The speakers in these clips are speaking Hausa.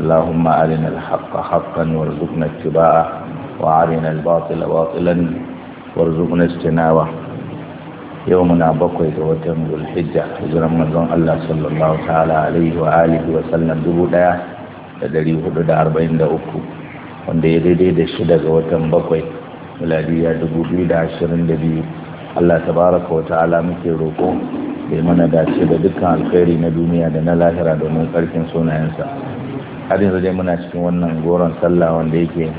اللهم أرنا الحق حقا وارزقنا اتباعه وأرنا الباطل باطلا وارزقنا اجتنابه يومنا بقي وتم ذو الحجة حجر رمضان الله صلى الله تعالى عليه وآله وسلم دبودا تدري حدود أربعين دا أكو wanda ya daidai da shida ga watan bakwai miladiya dubu biyu da ashirin da biyu allah tabaraka wa ta'ala muke roƙo bai mana dace da dukkan alkhairi na duniya da na lahira domin tsarkin sunayensa har yanzu dai muna cikin wannan goron sallah wanda yake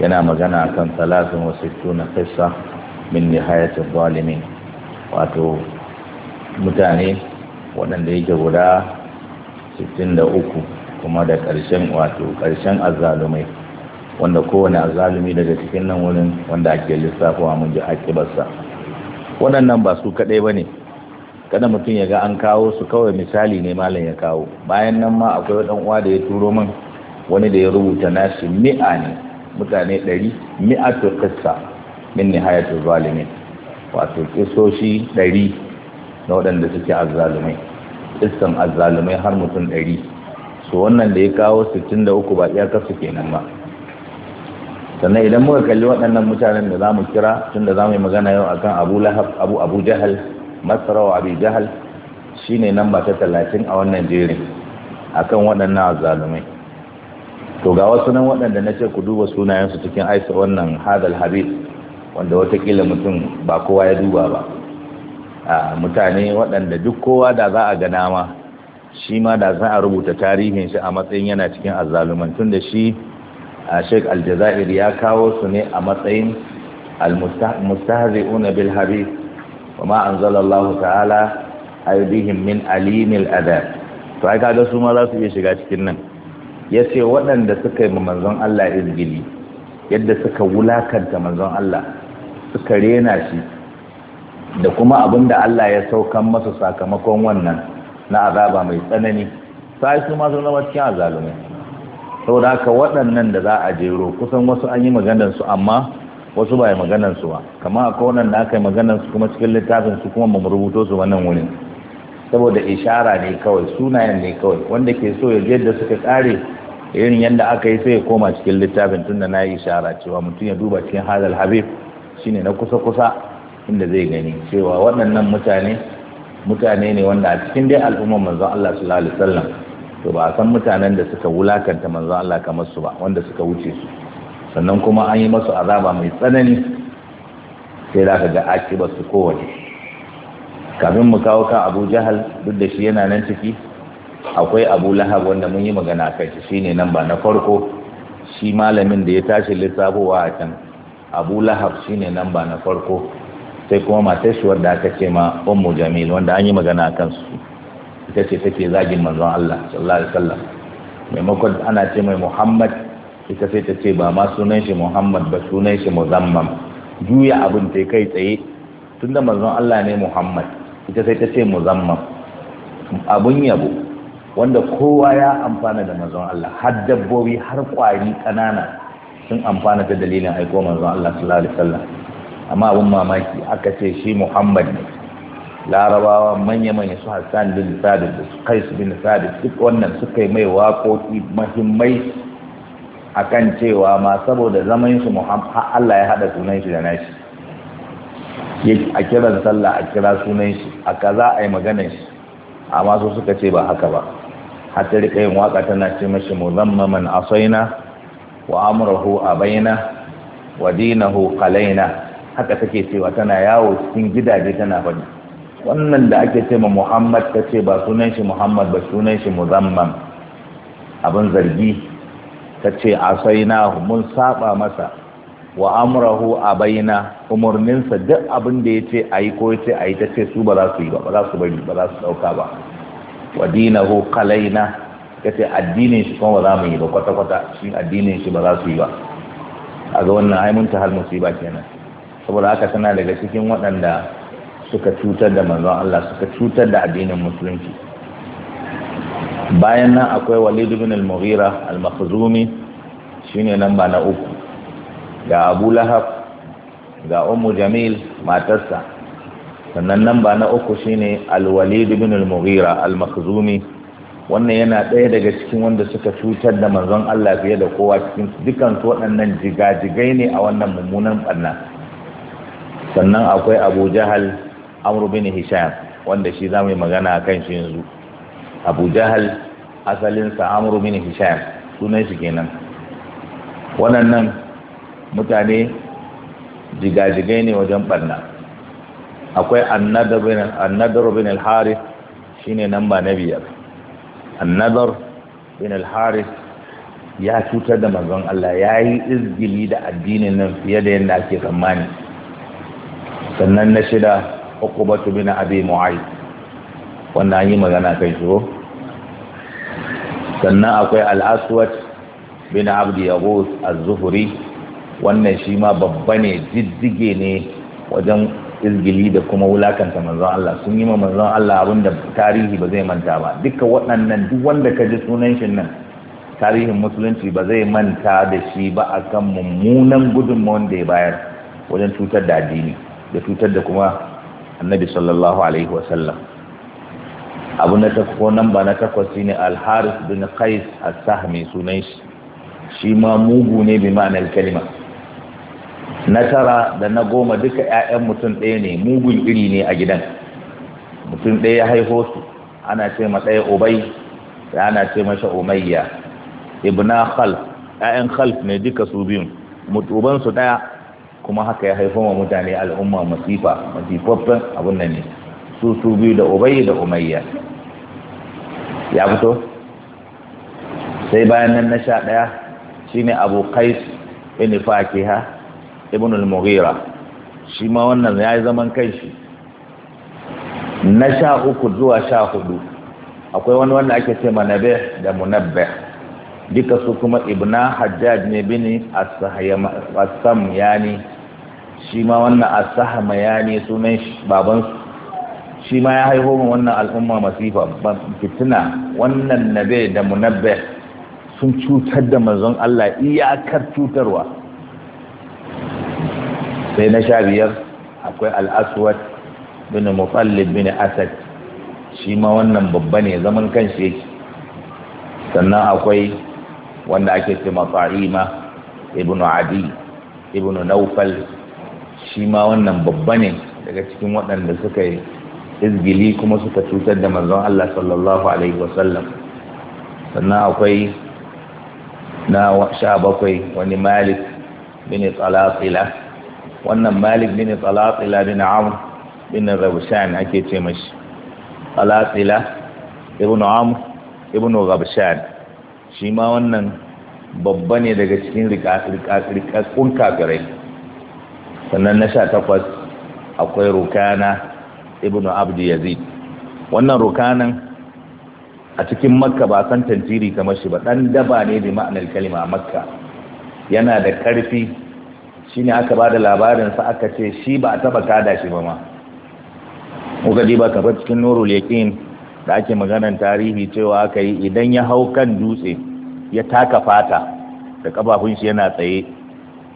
yana magana akan talatin wasu tuna fesa min nihayatul zalimi wato mutane waɗanda yake guda 63 kuma da ƙarshen wato ƙarshen azzalumai wanda kowane azalumi daga cikin nan wurin wanda ake lissafawa mun ji haƙibarsa waɗannan ba su kaɗai ba ne kada mutum ya ga an kawo su kawai misali ne malam ya kawo bayan nan ma akwai dan uwa da ya turo min wani da ya rubuta nashi mi'a ne mutane ɗari to qissa min hayatu zalimin wato kisoshi ɗari na waɗanda suke azzalumai kissan azzalumai har mutum ɗari su wannan da ya kawo sittin da uku ba iyakar su kenan ba sannan idan muka kalli waɗannan mutanen da za mu kira tun da za mu yi magana yau akan abu lahab abu abu jahal masara wa shi jahal shine namba ta talatin a wannan jere a kan waɗannan azzalumai to ga wasu nan waɗanda na ce ku duba sunayensu cikin aisa wannan hadal habib wanda watakila mutum ba kowa ya duba ba a mutane waɗanda duk kowa da za a gana ma shi ma da za a rubuta tarihin shi a matsayin yana cikin tun da shi a sheik aljazair ya kawo su ne a matsayin almustahzi'una bil habib wa ma anzalallahu ta'ala aidihim min alimil adab to ai kaga su ma za su iya shiga cikin nan yace waɗanda suka yi manzon Allah izgili yadda suka wulakanta manzon Allah suka rena shi da kuma abinda Allah ya sauka masa sakamakon wannan na azaba mai tsanani sai su ma sun zama cikin azalumai saboda haka waɗannan da za a jero kusan wasu an yi maganar su amma wasu ba ya maganar su ba kama a wannan da aka yi maganar su kuma cikin littafin su kuma mu rubuto su wannan wurin saboda ishara ne kawai sunayen ne kawai wanda ke so ya yadda suka kare irin yadda aka yi sai ya koma cikin littafin tunda na yi ishara cewa mutum ya duba cikin hadal habib shine na kusa kusa inda zai gani cewa waɗannan mutane mutane ne wanda a cikin dai al'ummar manzon Allah sallallahu alaihi wasallam to ba a san mutanen da suka wulakanta manzon Allah kamar su ba wanda suka wuce su sannan kuma an yi masu azaba mai tsanani sai za ka ga akibar su kowane kafin mu kawo kan abu jahal duk da shi yana nan ciki akwai abu lahab wanda mun yi magana kai shi shine nan ba na farko shi malamin da ya tashi lissafowa a can abu lahab shine nan ba na farko sai kuma matar shi wanda aka ce ma ummu jamil wanda an yi magana a kansu ita ce take zagin manzon Allah sallallahu alaihi wasallam maimakon ana ce mai Muhammad ita sai ta ce ba ma sunan shi muhammad ba sunan shi muzammam juya abin ta kai tsaye tunda manzon allah ne muhammad ita sai ta ce muzammam abun yabo wanda kowa ya amfana da manzon allah har dabbobi har kwari kanana sun amfana ta dalilin aiko manzon allah sallallahu alaihi wasallam amma abun mamaki aka ce shi muhammad ne larabawa manya-manya su hassan bin sadis da su bin sadis duk wannan suka yi mai waƙoƙi mahimmai akan cewa ma saboda zaman shi Allah ya haɗa sunan shi da nashi a kiran sallah a kira sunan shi a kaza a yi maganar shi amma su suka ce ba haka ba hatta rika yin waka tana ce mashi muzammaman asaina wa a abaina wa dinahu qalaina haka take cewa tana yawo cikin gidaje tana faɗi wannan da ake ce ma Muhammad ta ce ba sunan shi Muhammad ba sunan shi muzammam abin zargi ta ce na mun saba masa wa a abaina umarninsa duk abin da ya ce a yi ko ya ce a yi ta ce su ba za su yi ba ba za su bari ba za su dauka ba wa dinahu kalaina ya ce shi kuma ba za mu yi ba kwata-kwata shi addinin shi ba za su yi ba a ga wannan ai mun ta hal musiba kenan saboda haka tana daga cikin waɗanda suka cutar da manzon Allah suka cutar da addinin musulunci bayan nan akwai walid bin al-mughira al-makhzumi shine namba na uku ga abu lahab ga ummu jamil matarsa sannan namba na uku shine al-walid bin al-mughira al-makhzumi wannan yana ɗaya daga cikin wanda suka cutar da manzon Allah fiye da kowa cikin dukkan su waɗannan jigajigai ne a wannan mummunan ɓanna sannan akwai abu jahal amru bin hisham wanda shi za mu yi magana a kan shi yanzu abu jahal asalinsa amru bin hisham sunan shi kenan waɗannan mutane jigajigai ne wajen ɓarna akwai annadar bin al ne nan ba na biyar annadar bin al-haris ya cutar da manzon Allah ya yi izgili da addinin nan fiye da yadda ake tsammani sannan na shida uqbatu bin abi mu'ayyid wanda an yi magana kai shi sannan akwai al'aswat bin abdi yahu az-zuhri wannan shi ma babba ne jijjige ne wajen izgili da kuma wulakanta manzon Allah sun yi ma manzon Allah abinda tarihi ba zai manta ba duka waɗannan duk wanda ka ji sunan shi nan tarihin musulunci ba zai manta da shi ba akan mummunan gudunmawar da ya bayar wajen cutar da addini da cutar da kuma annabi sallallahu alaihi wasallam abu na takwas namba na takwas shine ne alharis bin kais a sahmi sunan shi shi ma mugu ne bi ma'anar kalima na tara da na goma duka 'ya'yan mutum ɗaya ne mugun iri ne a gidan mutum ɗaya ya haifo su ana ce ma ɗaya obai da ana ce masa umayya ibna khalf 'ya'yan khalf ne duka su biyun mutuban su ɗaya kuma haka ya haifo wa mutane al'umma masifa masifaffen abun nan ne su su biyu da ubayi da umayya ya fito sai bayan nan na sha ɗaya shine abu qais ibn fakiha ibn al-mughira shi ma wannan ya yi zaman kanshi na sha uku zuwa sha hudu akwai wani wanda ake ce manabe da munabbe duka su kuma ibna hajjaj ne bini as-samyani shi ma wannan as sunan babansu shi ma ya haihu min wannan al'umma masifa fitina wannan nabe da munabbe sun cutar da manzon Allah iyakar cutarwa sai na sha biyar akwai al'aswad bin mutallib bin asad shi ma wannan babba ne zaman kanshi yake sannan akwai wanda ake ce matsa'ima ibnu adi ibnu naufal shi ma wannan babba ne daga cikin waɗanda suka yi izgili kuma suka cutar da manzon Allah sallallahu alaihi wasallam sannan akwai na sha bakwai wani malik bin tsalatsila wannan malik bin tsalatsila bin amr bin rabshan ake ce mashi tsalatsila ibn amr ibn rabshan shi ma wannan babba ne daga cikin rikakkun kafirai sannan na sha takwas akwai rukana ibn abdi yazid wannan rukanan a cikin makka ba san tantiri kamar shi ba dan daba ne da ma'anar kalima a makka yana da karfi shine aka bada labarin sa aka ce shi ba a taba kada shi ba ma mugadi ba ka ba cikin nurul yaqin da ake maganar tarihi cewa aka yi idan ya hau kan dutse ya taka fata da kafafun shi yana tsaye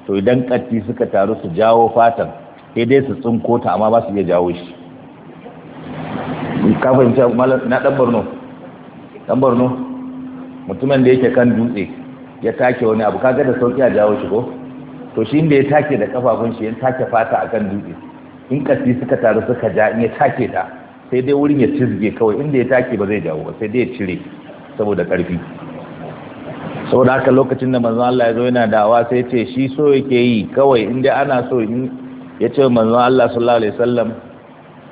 to idan katti suka taru su jawo fatan sai dai su tsinko ta amma ba su iya jawo shi ka fahimci na dan borno dan borno mutumin da yake kan dutse ya take wani abu kaga da sauki a jawo shi ko to shi inda ya take da kafafun shi ya take fata akan dutse in kasi suka taru suka ja in ya take ta sai dai wurin ya cizge kawai inda ya take ba zai jawo ba sai dai ya cire saboda karfi saboda haka lokacin da manzon Allah ya zo yana dawa sai ya ce shi so yake yi kawai inda ana so ya ce manzon Allah sallallahu alaihi wasallam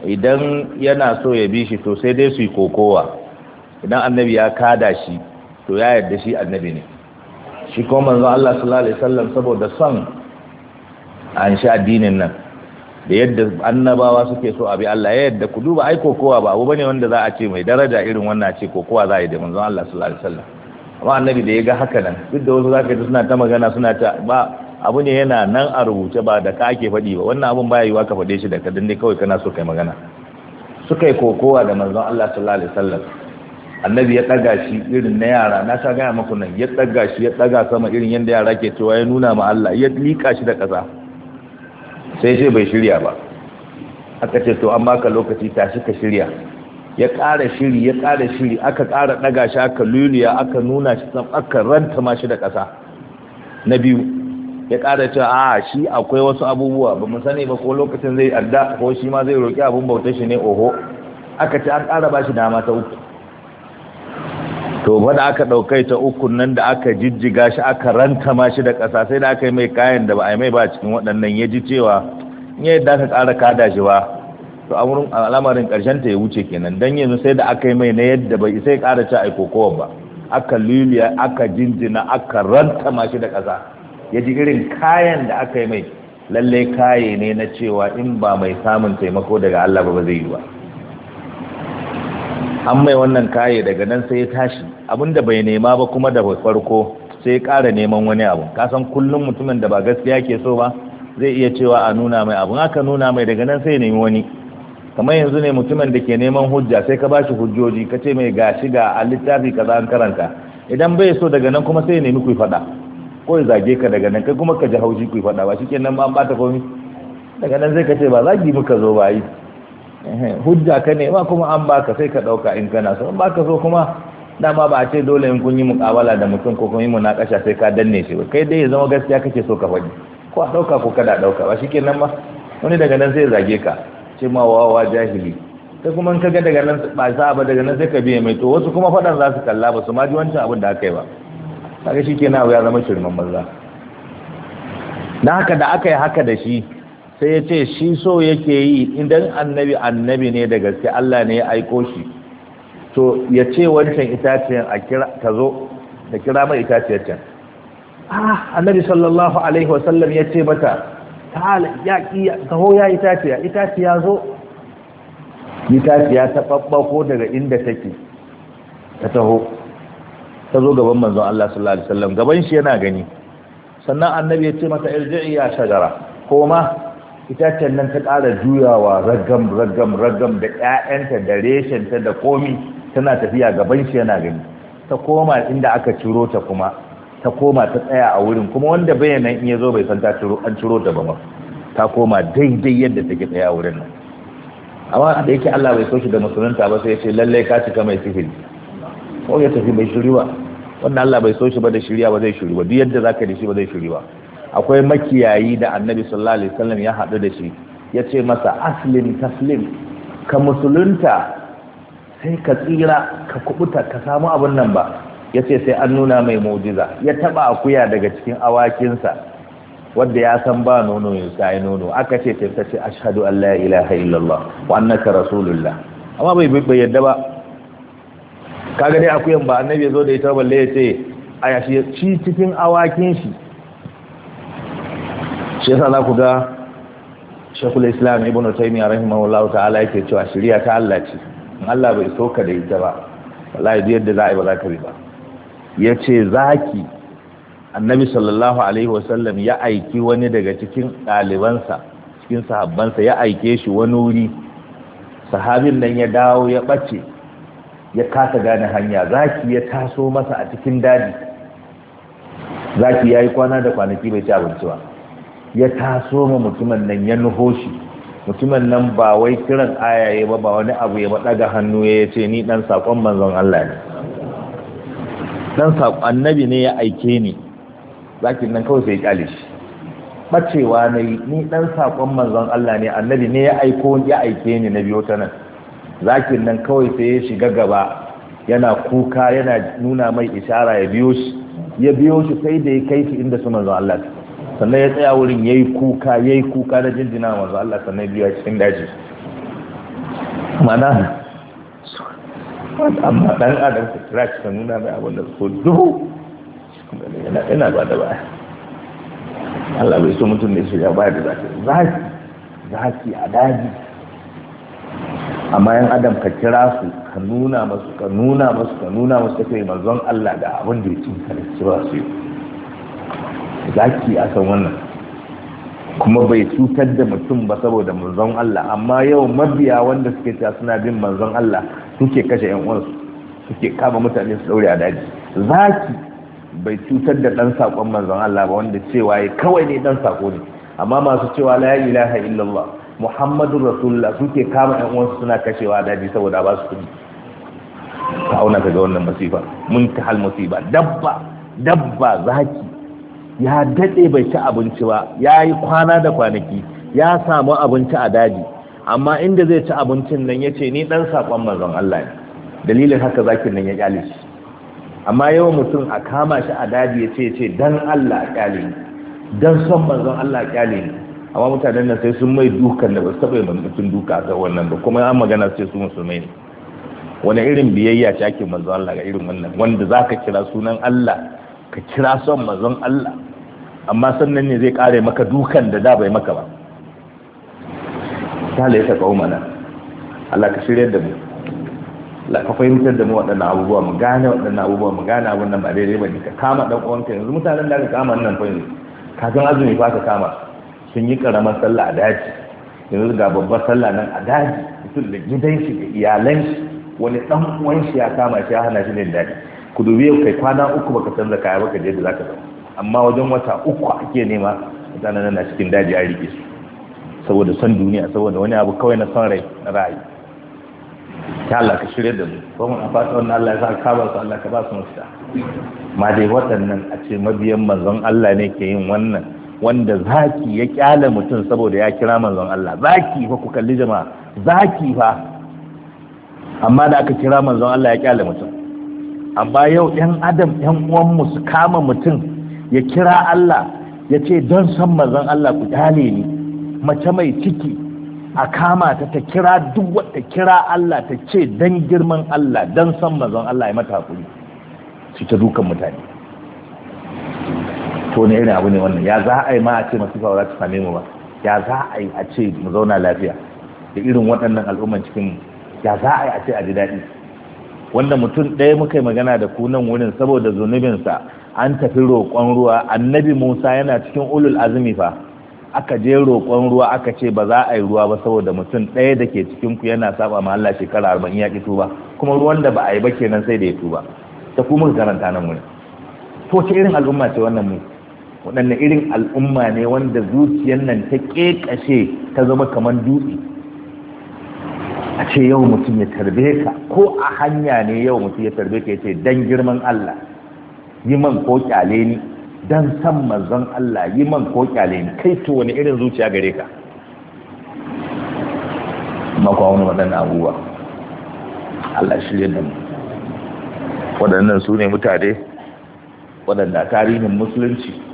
idan yana so ya bi shi to sai dai su yi kokowa idan annabi ya kada shi to ya yarda shi annabi ne shi kuma manzo Allah sallallahu alaihi wasallam saboda son an sha addinin nan da yadda annabawa suke so abi Allah ya yarda ku duba ai kokowa ba abu bane wanda za a ce mai daraja irin wannan ce kokowa za a yi da manzo Allah sallallahu alaihi wasallam amma annabi da ya ga haka nan duk da wasu zaka ji suna ta magana suna ta ba abu ne yana nan a rubuce ba da ka ake faɗi ba wannan abun baya yiwa ka faɗe shi da ka dai kawai kana so kai magana suka yi kokowa da manzon Allah sallallahu alaihi wasallam annabi ya daga shi irin na yara na sa gaya maku nan ya daga shi ya daga sama irin yadda yara ke cewa ya nuna ma Allah ya lika shi da ƙasa sai sai bai shirya ba aka ce to an baka lokaci tashi ka shirya ya ƙara shiri ya ƙara shiri aka ƙara daga shi aka luliya aka nuna shi aka ranta ma shi da ƙasa na biyu ya ƙara cewa a shi akwai wasu abubuwa ba mu sani ba ko lokacin zai adda ko shi ma zai roƙi abun bauta shi ne oho aka ce an ƙara ba shi dama ta uku to fa da aka ɗaukai ta uku nan da aka jijjiga shi aka ranta ma shi da ƙasa sai da aka yi mai kayan da ba a yi mai ba cikin waɗannan ya ji cewa in ya yadda aka ƙara kada shi ba to al'amarin karshen ta ya wuce kenan dan yanzu sai da aka yi mai na yadda bai sai ƙara ci kowa ba aka liliya aka jinjina aka ranta ma shi da ƙasa ya ji irin kayan da aka yi mai lalle kaye ne na cewa in ba mai samun taimako daga Allah ba zai yi ba an mai wannan kaye daga nan sai ya tashi abinda bai nema ba kuma da farko sai ya ƙara neman wani abu kasan kullum mutumin da ba gaskiya ke so ba zai iya cewa a nuna mai abu aka nuna mai daga nan sai nemi wani kamar yanzu ne mutumin da ke neman hujja sai ka bashi hujjoji ka ce mai gashi ga a littafi kaza an karanta idan bai so daga nan kuma sai nemi ku faɗa ko ya zage ka daga nan kai kuma ka ji haushi ku faɗa ba shikenan ba an bata komi daga nan sai ka ce ba zagi muka zo ba yi hujja ka ne ba kuma an baka sai ka ɗauka in kana so an baka so kuma dama ba a ce dole in kun yi muƙabala da mutum ko kuma yi munakasha sai ka danne shi ba kai dai ya zama gaskiya kake so ka faɗi ko a ɗauka ko kada ɗauka ba shikenan ba wani daga nan sai zage ka ce ma wawa jahili sai kuma in ka ga daga nan ba sa ba daga nan sai ka biye mai to wasu kuma faɗan za su kalla ba su ma ji wancan abin da aka yi ba kaga shi kenan ya zama shirman banza na haka da aka yi haka da shi sai ya ce shi so yake yi idan annabi annabi ne da gaske Allah ne ya aiko shi to ya ce wancan itaciyar a kira ta zo da kira mai itaciyar can ah annabi sallallahu alaihi wasallam ya ce mata ta'ala ya ho ya itaciya itaciya zo itaciya ta ko daga inda take ta taho ta zo gaban manzon Allah sallallahu alaihi wasallam gaban shi yana gani sannan annabi ya ce mata irji'i ya shajara koma itacen nan ta ƙara juyawa raggam raggam raggam da ƴaƴanta da reshen ta da komi tana tafiya gaban shi yana gani ta koma inda aka ciro ta kuma ta koma ta tsaya a wurin kuma wanda bayanan in ya zo bai san ta ciro an ciro ta ba ma ta koma daidai yadda take tsaya a wurin nan amma da yake Allah bai so shi da musulunta ba sai ya ce lallai ka cika mai sihiri ko ya tafi bai shiri ba wanda Allah bai so shi ba da shirya ba zai shiri ba duk yadda zaka da shi ba zai shiri ba akwai makiyayi da annabi sallallahu alaihi wasallam ya haɗu da shi ya ce masa aslim taslim ka musulunta sai ka tsira ka kubuta ka samu abin nan ba ya ce sai an nuna mai mujiza ya taba akuya daga cikin awakinsa wadda ya san ba nono ya sai nono aka ce ta ce ashhadu an la ilaha illallah wa annaka rasulullah amma bai bai yadda ba kaga dai akuyan ba annabi ya zo da ita balle ya ce a yashi ci cikin awakin shi shi yasa za ku ga shekul islam ibn taymiyyah wallahu ta'ala yake cewa shari'a ta Allah ce in Allah bai so ka da ita ba wallahi duk yadda za a yi ba za ka yi ba ce zaki annabi sallallahu alaihi wasallam ya aiki wani daga cikin ɗalibansa cikin sahabbansa ya aike shi wani wuri sahabin nan ya dawo ya ɓace ya kasa gane hanya zaki ya taso masa a cikin daji zaki ya yi kwana da kwanaki bai ci abinci ba ya taso ma mutumin nan ya nuho shi mutumin nan ba wai kiran ayaye ba ba wani abu ya daga hannu ya ce ni dan sakon manzon Allah ne dan sakon annabi ne ya aike ni zakin nan kawai sai ya kyale shi bacewa na yi ni dan sakon manzon Allah ne annabi ne ya aiko ya aike ni na biyo ta nan zakin nan kawai sai ya shiga gaba yana kuka yana nuna mai ishara ya biyo shi ya biyo shi sai da ya kai shi inda su manzo Allah sannan ya tsaya wurin yayi kuka yayi kuka da jinjina manzo Allah sannan biyo cikin daji mana amma dan adam su trash sun nuna mai abin da su duhu yana yana ba da baya Allah bai so mutum ne su ya ba da zaki zaki a daji amma yan adam ka kira su ka nuna masu ka nuna masu ka nuna masu ka kai manzon Allah da abin da ya cin da cewa su zaki a san wannan kuma bai cutar da mutum ba saboda manzon Allah amma yau mabiya wanda suke ta suna bin manzon Allah suke kashe yan uwansu suke kama mutane su daure a daji zaki bai cutar da dan sakon manzon Allah ba wanda cewa kawai ne dan sako ne amma masu cewa la ilaha illallah Muhammadu rasulullah suke kama yan uwansu suna kashewa daji saboda ba su kudi ka auna ka ga wannan masifa mun ta hal masifa. dabba dabba zaki ya daɗe bai ci abinci ba ya yi kwana da kwanaki ya samu abinci a daji amma inda zai ci abincin nan ya ce ni ɗan saƙon manzon Allah ne dalilin haka zakin nan ya ƙyale shi amma yawan mutum a kama shi a daji ya ce ce dan Allah ƙyale ni dan son manzon Allah ƙyale ni amma mutanen nan sai sun mai dukan da ba su taɓa yi mutum duka a wannan ba kuma an magana sai su musulmai ne wani irin biyayya ce ake manzo Allah ga irin wannan wanda za ka kira sunan Allah ka kira son manzon Allah amma sannan ne zai kare maka dukan da da bai maka ba ta laisa umana Allah ka shirya da mu la ka fahimtar da mu waɗannan abubuwa mu gane waɗannan abubuwa mu gane abun nan ba daidai ba ka kama dan uwanka yanzu mutanen da ka kama nan fa yanzu ka azumi fa ka kama sun yi karamar sallah a daji yanzu ga babbar sallah nan a daji mutum da gidan shi da iyalan shi wani dan uwan shi ya kama shi ya hana shi ne daji ku dubi yau kai kwana uku baka canza kaya baka je da ka zama amma wajen wata uku ake nema mutanen na cikin daji a rike su saboda son duniya saboda wani abu kawai na son rai na ra'ayi ta Allah ka shirya da mu ko mun fata wannan Allah ya sa ka ba su Allah ka ba su mafita ma dai waɗannan a ce mabiyan manzon Allah ne ke yin wannan wanda zaki ya kyale mutum saboda ya kira manzon Allah zaki fa ku kalli jama'a zaki fa amma da aka kira manzon Allah ya kyale mutum amma yau yan adam yan uwan mu su kama mutum ya kira Allah ya ce don san manzon Allah ku kyale ni mace mai ciki a kama ta ta kira duk wata kira Allah ta ce don girman Allah don san manzon Allah ya mata hakuri su ta dukan mutane to ne irin abu ne wannan ya za a yi ma a ce masifa ba za ta same mu ba ya za a yi a ce mu zauna lafiya da irin waɗannan al'umman cikin ya za a yi a ce a ji daɗi wanda mutum ɗaya muka yi magana da ku nan wurin saboda zunubinsa an tafi roƙon ruwa annabi musa yana cikin ulul azumi fa aka je roƙon ruwa aka ce ba za a yi ruwa ba saboda mutum ɗaya da ke cikin ku yana saba ma Allah shekara arba'in ya ƙi tuba kuma ruwan da ba a yi ba kenan sai da ya tuba ta kuma karanta nan wurin to ce irin al'umma ce wannan mu waɗanne irin al'umma ne wanda zuciyar nan ta ƙeƙashe ta zama kamar dutse a ce yau mutum ya tarbe ka ko a hanya ne yau mutum ya tarbe ka ya ce don girman Allah yi man ko kyale ni don san manzon Allah yi man ko kyale ni kai to wani irin zuciya gare ka makwa wani waɗannan abubuwa Allah shirya da mu waɗannan su ne mutane waɗanda tarihin musulunci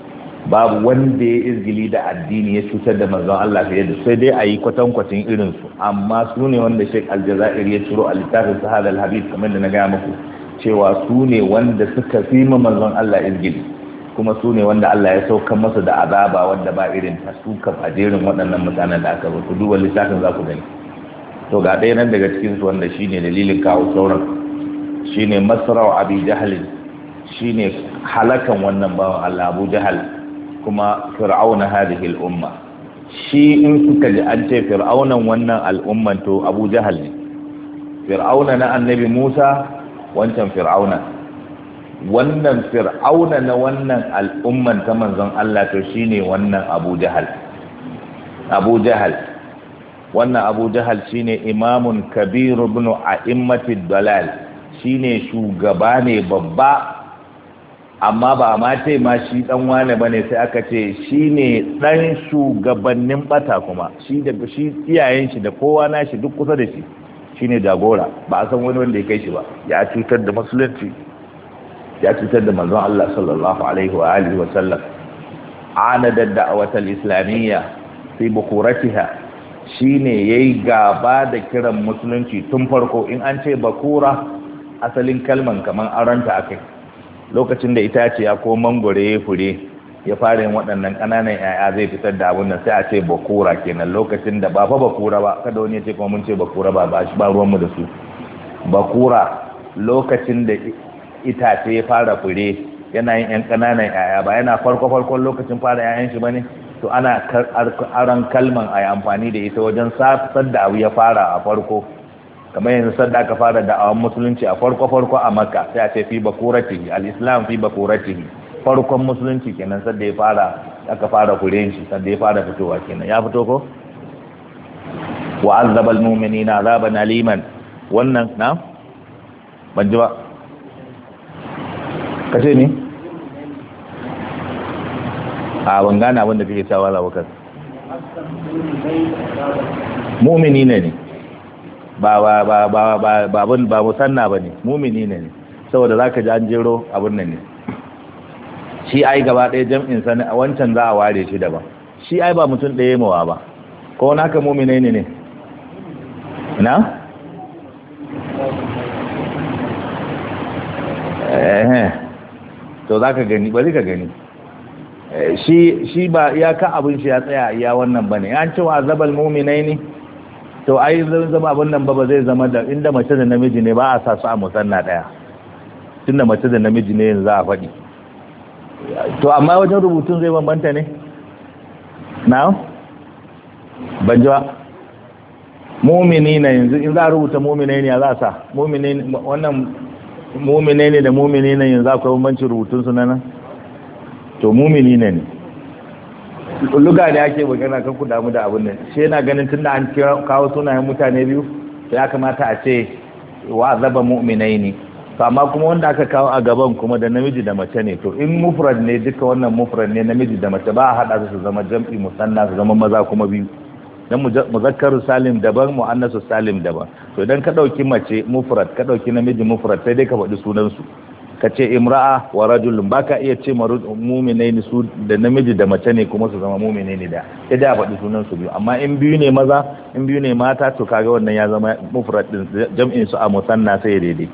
babu wanda ya izgili da addini ya cutar da manzon Allah fiye da sai dai a yi kwatankwacin irinsu amma su ne wanda Sheikh aljazair ya ciro a littafin sahad alhabib kamar da na gaya muku cewa su ne wanda suka fi ma manzon Allah izgili kuma su ne wanda Allah ya sauka masa da azaba wanda ba irin ta su kam a waɗannan mutanen da aka ku duba littafin za ku gani to ga ɗaya nan daga cikinsu wanda shi ne dalilin kawo sauran shi ne masarau abi jahalin shi ne halakan wannan bawan Allah Abu jahalin kuma fir'auna hadhihi al-umma shi in suka ji an ce fir'aunan wannan al'umman to abu jahal ne fir'auna na annabi musa wancan fir'auna wannan fir'auna na wannan al'umman ta manzon Allah to shine wannan abu jahal abu jahal wannan abu jahal shine imamun kabir ibn a'immatid dalal shine shugaba ne babba amma ba ma ce ma shi dan wane bane sai aka ce shi ne dan shugabannin bata kuma shi da shi iyayen shi da kowa na shi duk kusa da shi shine jagora ba a san wani wanda ya kai shi ba ya cutar da musulunci ya cutar da manzon Allah sallallahu alaihi wa alihi wa sallam da da'watal islamiyya fi bukuratiha shine yayi gaba da kiran musulunci tun farko in an ce bakura asalin kalman kaman aranta akai lokacin da itaciya ko mangoro ya fure ya fara yin waɗannan ƙananan ‘ya'ya zai fitar da abin nan sai a ce bakura kenan lokacin da ba fa bakura ba kada wani ya ce kuma mun ce bakura ba ba shi ba ruwanmu da su bakura lokacin da itace ya fara fure yana yin ‘yan ƙananan ‘ya'ya ba yana farko-farkon lokacin fara ‘ya'yan shi ba ne to ana aran kalman a yi amfani da ita wajen sadda abu ya fara a farko kamar yanzu sanda aka fara da'awan musulunci a farko farko a makka sai a ce fi bakuratihi al al'islam fi bakuratihi farkon musulunci kenan sanda ya fara aka fara kuren shi sanda ya fara fitowa kenan ya fito ko wa azzaba al-mu'minina azaban aliman wannan na ban ji ba kace ni a ban gane abin da kake cewa mu'mini ne ne ba ba ba ba ba ba mumini ne ne saboda zaka ji an jero abun nan ne shi ai gaba ɗaya jam'in sani wancan za a ware shi daban shi ai ba mutum ɗaya mawa ba ko naka mumine ne ne na eh to ka gani bari ka gani eh, shi shi ba iyaka abin shi ya tsaya iya wannan ba ne an ce wa azabal mu'minaini to ai zai zama abin nan ba ba zai zama da inda mace da namiji ne ba a sa su a musanna daya tunda mace da namiji ne yanzu a faɗi to amma wajen rubutun zai bambanta ne na ban ji ba mumini na yanzu in za a rubuta mumini ne za a sa wannan mumini ne da mumini na yanzu akwai bambancin rubutunsu na nan to mumini ne ne kulluga da ake magana kan ku damu da abin nan shi yana ganin tun da an kawo sunayen mutane biyu ya kamata a ce wa zaba mu'minai ne to amma kuma wanda aka kawo a gaban kuma da namiji da mace ne to in mufrad ne duka wannan mufrad ne namiji da mace ba a hada su su zama jam'i musanna su zama maza kuma biyu dan muzakkar salim daban muannas salim daban to idan ka dauki mace mufrad ka dauki namiji mufrad sai dai ka faɗi sunan su ka ce imra'a wa rajulun ba ka iya ce muminai ne su da namiji da mace ne kuma su zama muminai ne da ya da faɗi sunan su biyu amma in biyu ne maza in biyu ne mata to kaga wannan ya zama mufrad din jam'in su a musanna sai daidai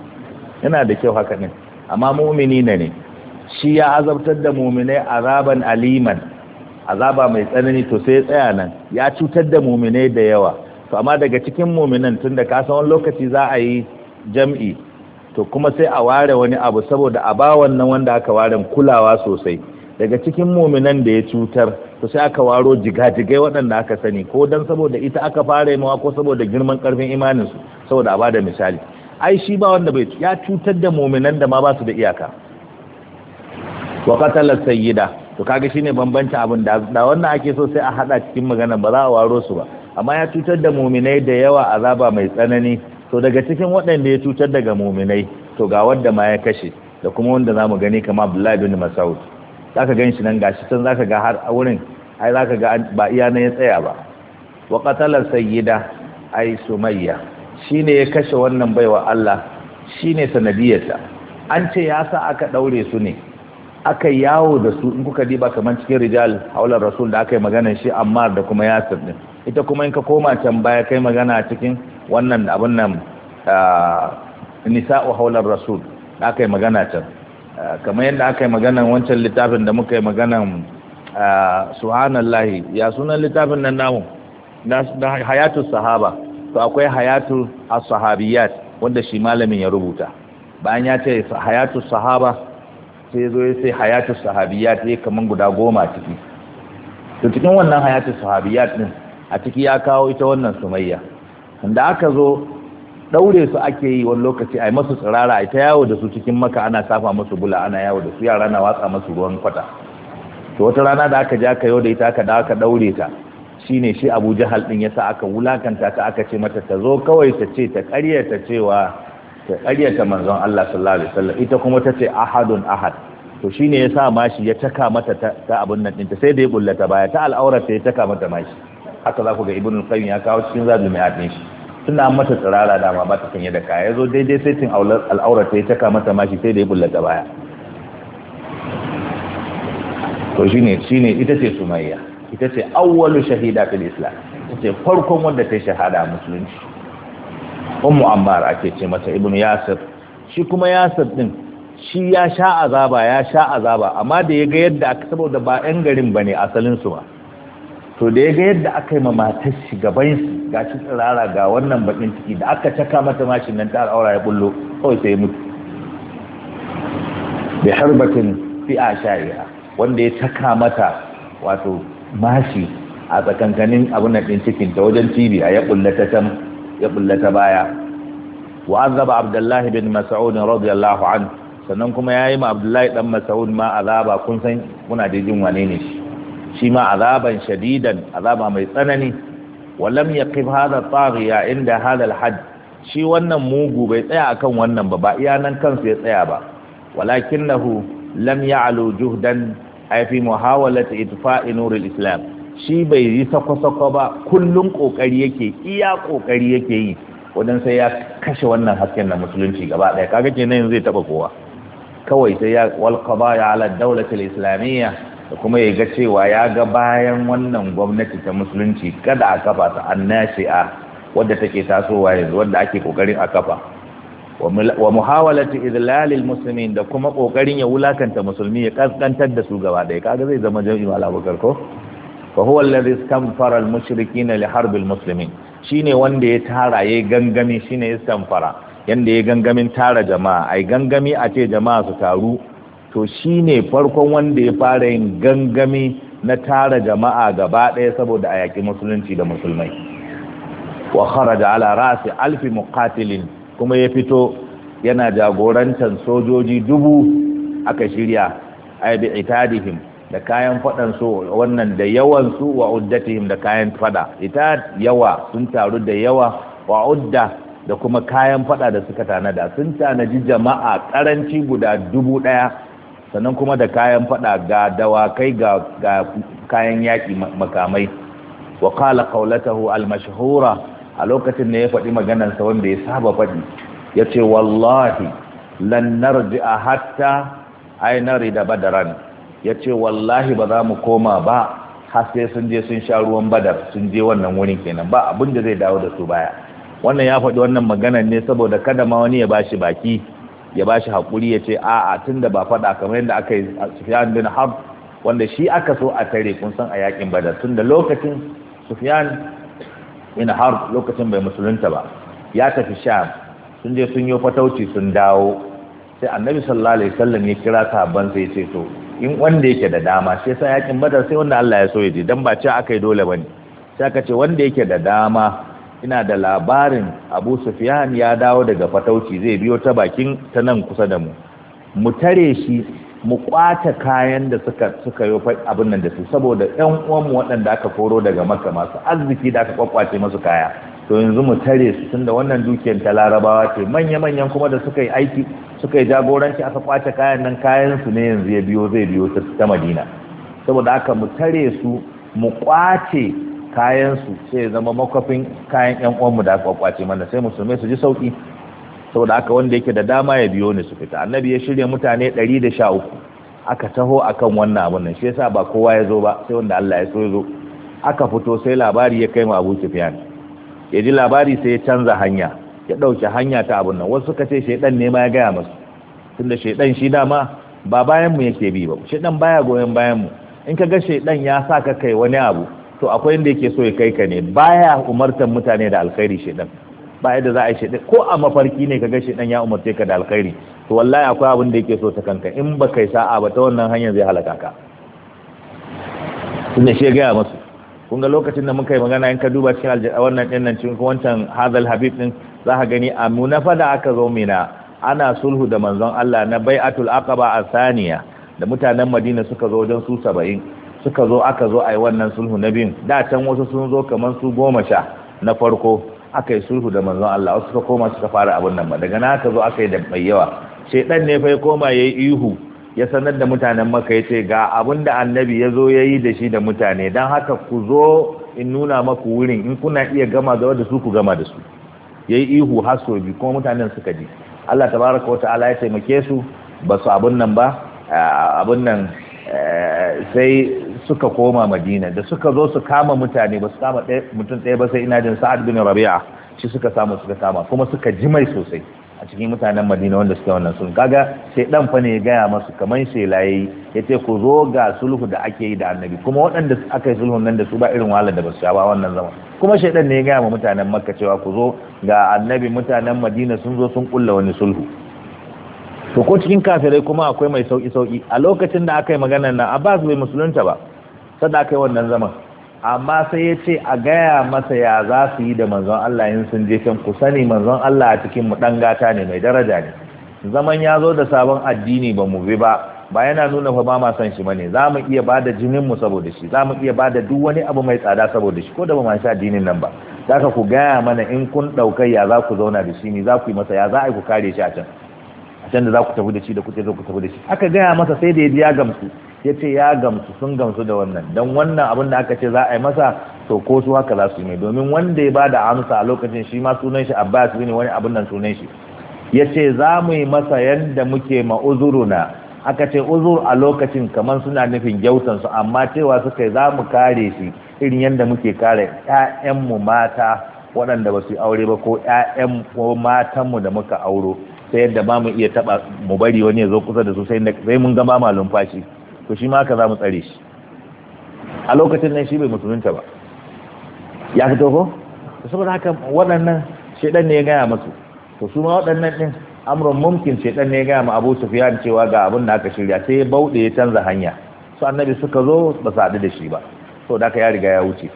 yana da kyau haka ne amma mumini ne ne shi ya azabtar da muminai azaban aliman azaba mai tsanani to sai tsaya nan ya cutar da muminai da yawa to amma daga cikin muminan tunda ka san wani lokaci za a yi jam'i to kuma sai a ware wani abu saboda a ba wannan wanda aka ware kulawa sosai daga cikin muminan da ya cutar to sai aka waro jigajigai waɗanda aka sani ko dan saboda ita aka fara yi ko saboda girman karfin imanin su saboda a bada misali ai shi ba wanda bai ya cutar da muminan da ma ba su da iyaka wa qatala sayyida to kaga shine bambanci abin da da wannan ake so sai a hada cikin magana ba za a waro su ba amma ya cutar da muminai da yawa azaba mai tsanani to daga cikin waɗanda ya cutar daga muminai to ga wadda ma ya kashe da kuma wanda za mu gani kama abdullahi bin masaud za ka gan shi nan gashi can za ka ga har wurin ai za ga ba iya na ya tsaya ba wa qatala sayyida ai sumayya shine ya kashe wannan baiwa Allah shine sanadiyarsa an ce ya sa aka daure su ne aka yawo da su in kuka diba kamar cikin rijal haular rasul da aka yi magana shi amma da kuma yasir din ita kuma in ka koma can baya kai magana cikin wannan abin nan nisa'u haular rasul da aka yi magana can kamar yadda aka yi maganan wancan littafin da muka yi maganan subhanallahi ya sunan littafin nan namu na hayatu sahaba to akwai hayatu as-sahabiyat wanda shi malamin ya rubuta bayan ya ce hayatu sahaba sai zo ya sai hayatu sahabiyat ne kaman guda goma ciki to cikin wannan hayatu sahabiyat din a ciki ya kawo ita wannan sumayya da aka zo daure su ake yi wani lokaci a yi masu tsirara a ta yawo da su cikin maka ana safa masu bula ana yawo da su yara na watsa masu ruwan kwata to wata rana da aka ja ka yau da ita aka da aka daure ta shine shi abu jahal din yasa aka wulakanta ta aka ce mata ta zo kawai ta ce ta karyata cewa ta karyata manzon Allah sallallahu alaihi wasallam ita kuma ta ce ahadun ahad to shine sa mashi ya taka mata ta abun nan din sai da ya bullata baya ta al'aura ta ya taka mata mashi haka za ku ga ibnu qayyim ya kawo cikin zadul mai shi Suna mata tsirara dama ba ta sanye da kaya ya zo daidai sai cin al'aurar ta ya taka mata mashi sai da ya bullata baya to shi ne ita ce sumayya ita ce awwalu shahida fil islam ita ce farkon wanda ta shahada a musulunci ummu ammar ake ce mata ibnu yasir shi kuma yasir din shi ya sha azaba ya sha azaba amma da ya ga yadda saboda ba yan garin bane asalin su ba to da ya ga yadda aka yi ma matar shi gaban su ga shi tsirara ga wannan bakin ciki da aka caka mata mashin nan ta al'aura ya bullo kawai sai mutu bi harbatin fi a sha'ira wanda ya caka mata wato mashi a tsakankanin abin ɗin cikin ta wajen cibiya ya bullata can ya bullata baya wa azaba abdullahi bin mas'ud radiyallahu anhu sannan kuma yayi ma abdullahi dan mas'ud ma azaba kun san muna da jin wane ne shi shi ma azaban shadidan azaba mai tsanani walam yaqif hadha taghiya inda hadar alhajj shi wannan mugu bai tsaya akan wannan ba ba iya nan kansa ya tsaya ba walakinahu lam ya'lu juhdan ay fi muhawalati itfa'i nuril islam shi bai yi sako-sako ba kullum kokari yake iya kokari yake yi wajen sai ya kashe wannan hasken na musulunci gaba daya kaga kenan zai taba kowa kawai sai ya walqaba ya ala islamiyya da kuma ya ga cewa ya ga bayan wannan gwamnati ta musulunci kada a kafa ta annashi'a wadda take tasowa yanzu wadda ake kokarin a kafa wa muhawalati idlalil muslimin da kuma kokarin ya wulakanta musulmi ya kaskantar da su gaba daya kaga zai zama jami'u ala bakar ko fa huwa alladhi istanfara al mushrikin li harb al muslimin shine wanda ya tara yayi gangami shine istanfara yanda ya gangamin tara jama'a ai gangami a ce jama'a su taru to shi ne farkon wanda ya fara yin gangami na tara jama'a gaba ɗaya saboda a yaƙi musulunci da musulmai wa kharaja ala rasi alfi muqatilin kuma ya fito yana jagorantar sojoji dubu aka shirya ay bi itadihim da kayan fadan su wannan da yawan su wa uddatihim da kayan fada ita yawa sun taru da yawa wa udda da kuma kayan fada da suka tanada sun tanaji jama'a karanci guda dubu ɗaya. sannan kuma da kayan fada ga dawakai ga kayan yaki makamai wa kala kaulatahu al-mashhura a lokacin da ya faɗi maganar sa wanda ya saba faɗi yace wallahi lan a hatta ay da badaran yace wallahi ba za mu koma ba har sai sun je sun sha ruwan badar sun je wannan wurin kenan ba abin da zai dawo da su baya wannan ya faɗi wannan maganan ne saboda kada ma wani ya bashi baki ya ba shi hakuri ya ce a'a tun da ba faɗa kamar yadda aka yi Sufyan bin Harb wanda shi aka so a tare kun san a yakin Badar tun da lokacin Sufyan bin Harb lokacin bai musulunta ba ya tafi sha sun je sun yi fatauci sun dawo sai Annabi sallallahu alaihi wasallam ya kira sahabban sai ya ce to in wanda yake da dama sai yasa yakin Badar sai wanda Allah ya so ya je dan ba ce aka yi dole bane sai aka ce wanda yake da dama ina da labarin abu sufiyan ya dawo daga fatauci zai biyo ta bakin ta nan kusa da mu mu tare shi mu kwata kayan da suka suka yi abin nan da su saboda ƴan uwanmu waɗanda aka koro daga maka masu arziki da aka kwakwace masu kaya to yanzu mu tare su tunda wannan dukiyar ta larabawa ce manya-manyan kuma da suka yi aiki suka yi jagoranci aka kwace kayan nan kayan su ne yanzu ya biyo zai biyo ta madina saboda aka mu tare su mu kwace kayansu sai zama makwafin kayan yan uwanmu da aka kwace mana sai musulmai su ji sauki saboda haka wanda yake da dama ya biyo ne su fita annabi ya shirya mutane ɗari da 113 aka taho kan wannan abun nan shi yasa ba kowa ya zo ba sai wanda Allah ya so ya zo aka fito sai labari ya kai mu Abu Sufyan ya ji labari sai ya canza hanya ya dauke hanya ta abun nan wasu suka ce shedan ne ma ya gaya masu tunda shedan shi dama ba bayan mu yake bi ba shedan baya goyen bayan mu in ka ga shedan ya sa ka kai wani abu to akwai inda yake so ya kai ka ne baya umartan mutane da alkhairi shedan ba yadda za a yi shedan ko a mafarki ne ka kaga shedan ya umarce ka da alkhairi to wallahi akwai abin da yake so ta kanka in ba kai sa'a ba ta wannan hanyar zai halaka ka tunda shi gaya masu kun ga lokacin da muka yi magana in ka duba cikin wannan din nan cikin wancan hazal habib din za ka gani a munafa da aka zo mina ana sulhu da manzon Allah na bai'atul a saniya da mutanen Madina suka zo wajen su saba'in suka zo aka zo a yi wannan sulhu na biyun da can wasu sun zo kamar su goma sha na farko aka yi sulhu da manzon Allah wasu suka koma suka fara abin nan ba daga na aka zo aka yi da mai yawa shaidan ne fa ya koma yayi ihu ya sanar da mutanen maka ya ce ga abun da annabi ya zo ya yi da shi da mutane don haka ku zo in nuna maku wurin in kuna iya gama da wadda su ku gama da su ya yi ihu har so bi kuma mutanen suka ji Allah tabaraka wa ta'ala ya taimake su ba su abin nan ba abin nan eh, sai suka koma madina da suka zo su kama mutane ba su kama mutum ɗaya ba sai ina jin sa'ad bin rabi'a shi suka samu suka kama kuma suka ji mai sosai a cikin mutanen madina wanda suka wannan sun kaga sai dan fa ne ya gaya masu kamar layi ya ce ku zo ga sulhu da ake yi da annabi kuma waɗanda aka yi sulhun nan da su ba irin wahalar da ba su ba wannan zama kuma shaidan ne ya gaya ma mutanen makka cewa ku zo ga annabi mutanen madina sun zo sun kulla wani sulhu to ko cikin kafirai kuma akwai mai sauki sauki a lokacin da aka yi maganar nan abbas bai musulunta ba sadda kai wannan zaman amma sai ya ce a gaya masa ya za su yi da manzon Allah in sun je can ku sani manzon Allah a cikin mu dan gata ne mai daraja ne zaman ya zo da sabon addini ba mu bi ba ba yana nuna fa ba ma san shi bane za mu iya bada jinin mu saboda shi za mu iya bada duk wani abu mai tsada saboda shi ko da ba ma sha addinin nan ba zaka ku gaya mana in kun ɗaukai ya za ku zauna da shi ne za ku yi masa ya za a ku kare shi a can a can da za ku tafi da shi da kuke zo ku tafi da shi aka gaya masa sai da ya ya gamsu ya ce ya gamsu sun gamsu da wannan don wannan abin da aka ce za a yi masa to ko su haka za su yi mai domin wanda ya bada amsa a lokacin shi ma sunan shi abbas ne wani abin nan sunan shi ya ce za mu yi masa yadda muke ma uzuruna aka ce uzur a lokacin kamar suna nufin gyautan su amma cewa suka yi za mu kare shi irin yadda muke kare ƴaƴanmu mata waɗanda ba su yi aure ba ko ƴaƴan ko matanmu da muka auro sai yadda ba mu iya taɓa mu bari wani ya zo kusa da su sai mun gama malumfashi to shi ma ka za mu tsare shi a lokacin nan shi bai musulunta ba ya fito ko saboda haka waɗannan shaidan ne ya gaya masu to su ma waɗannan ɗin amrun mumkin shaidan ne ya gaya ma abu sufiyan cewa ga abin da aka shirya sai ya bauɗe ya canza hanya su annabi suka zo ba su haɗu da shi ba so da ya riga ya wuce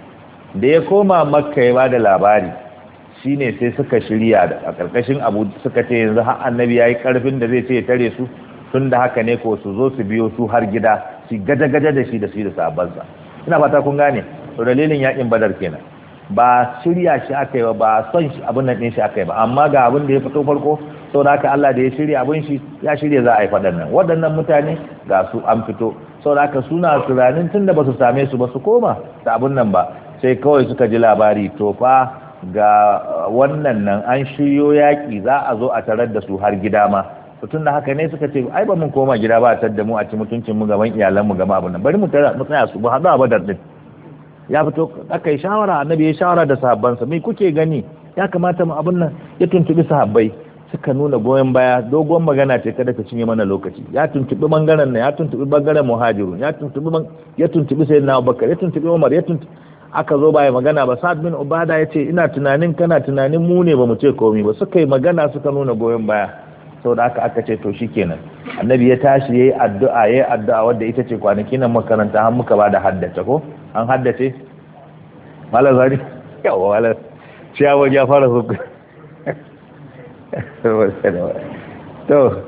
da ya koma makka ya bada labari Shi ne sai suka shirya a ƙarƙashin abu suka ce yanzu har annabi ya yi ƙarfin da zai ce ya tare su tun da haka ne ko su zo su biyo su har gida su gaje-gaje da shi da shi da sabansa ina fata kun gane to dalilin yakin badar kenan ba shirya shi aka yi ba ba son shi abin nan din shi aka yi ba amma ga abin da ya fito farko to da haka Allah da ya shirya abin shi ya shirya za a yi fadan nan waɗannan mutane ga su an fito sau da haka suna ranin tun da ba su same su ba su koma da abin nan ba sai kawai suka ji labari to fa ga wannan nan an shiryo yaƙi za a zo a tarar da su har gida ma tun da haka ne suka ce ai ba mun koma gida ba a da mu a ci mutuncin mu gaban iyalan mu gaba abin nan bari mu tara mu tsaya su ba hada dar din ya fito aka yi shawara annabi ya shawara da sa mai kuke gani ya kamata mu abin nan ya tuntubi sahabbai suka nuna goyon baya dogon magana ce kada ka cinye mana lokaci ya tuntubi bangaren nan ya tuntubi bangaren muhajiru ya tuntubi ya tuntubi sayyidina abubakar ya tuntubi umar ya tuntubi aka zo ba magana ba sa'ad bin ubada ya ce ina tunanin kana tunanin mu ne ba mu ce komai ba suka yi magana suka nuna goyon baya saboda haka aka ce to shikenan annabi ya tashi yayi addu'a yayi addu'a wanda ita ce kwanaki nan makaranta har muka bada haddace ko an haddace malam zari yawa malam ciyawa ya fara so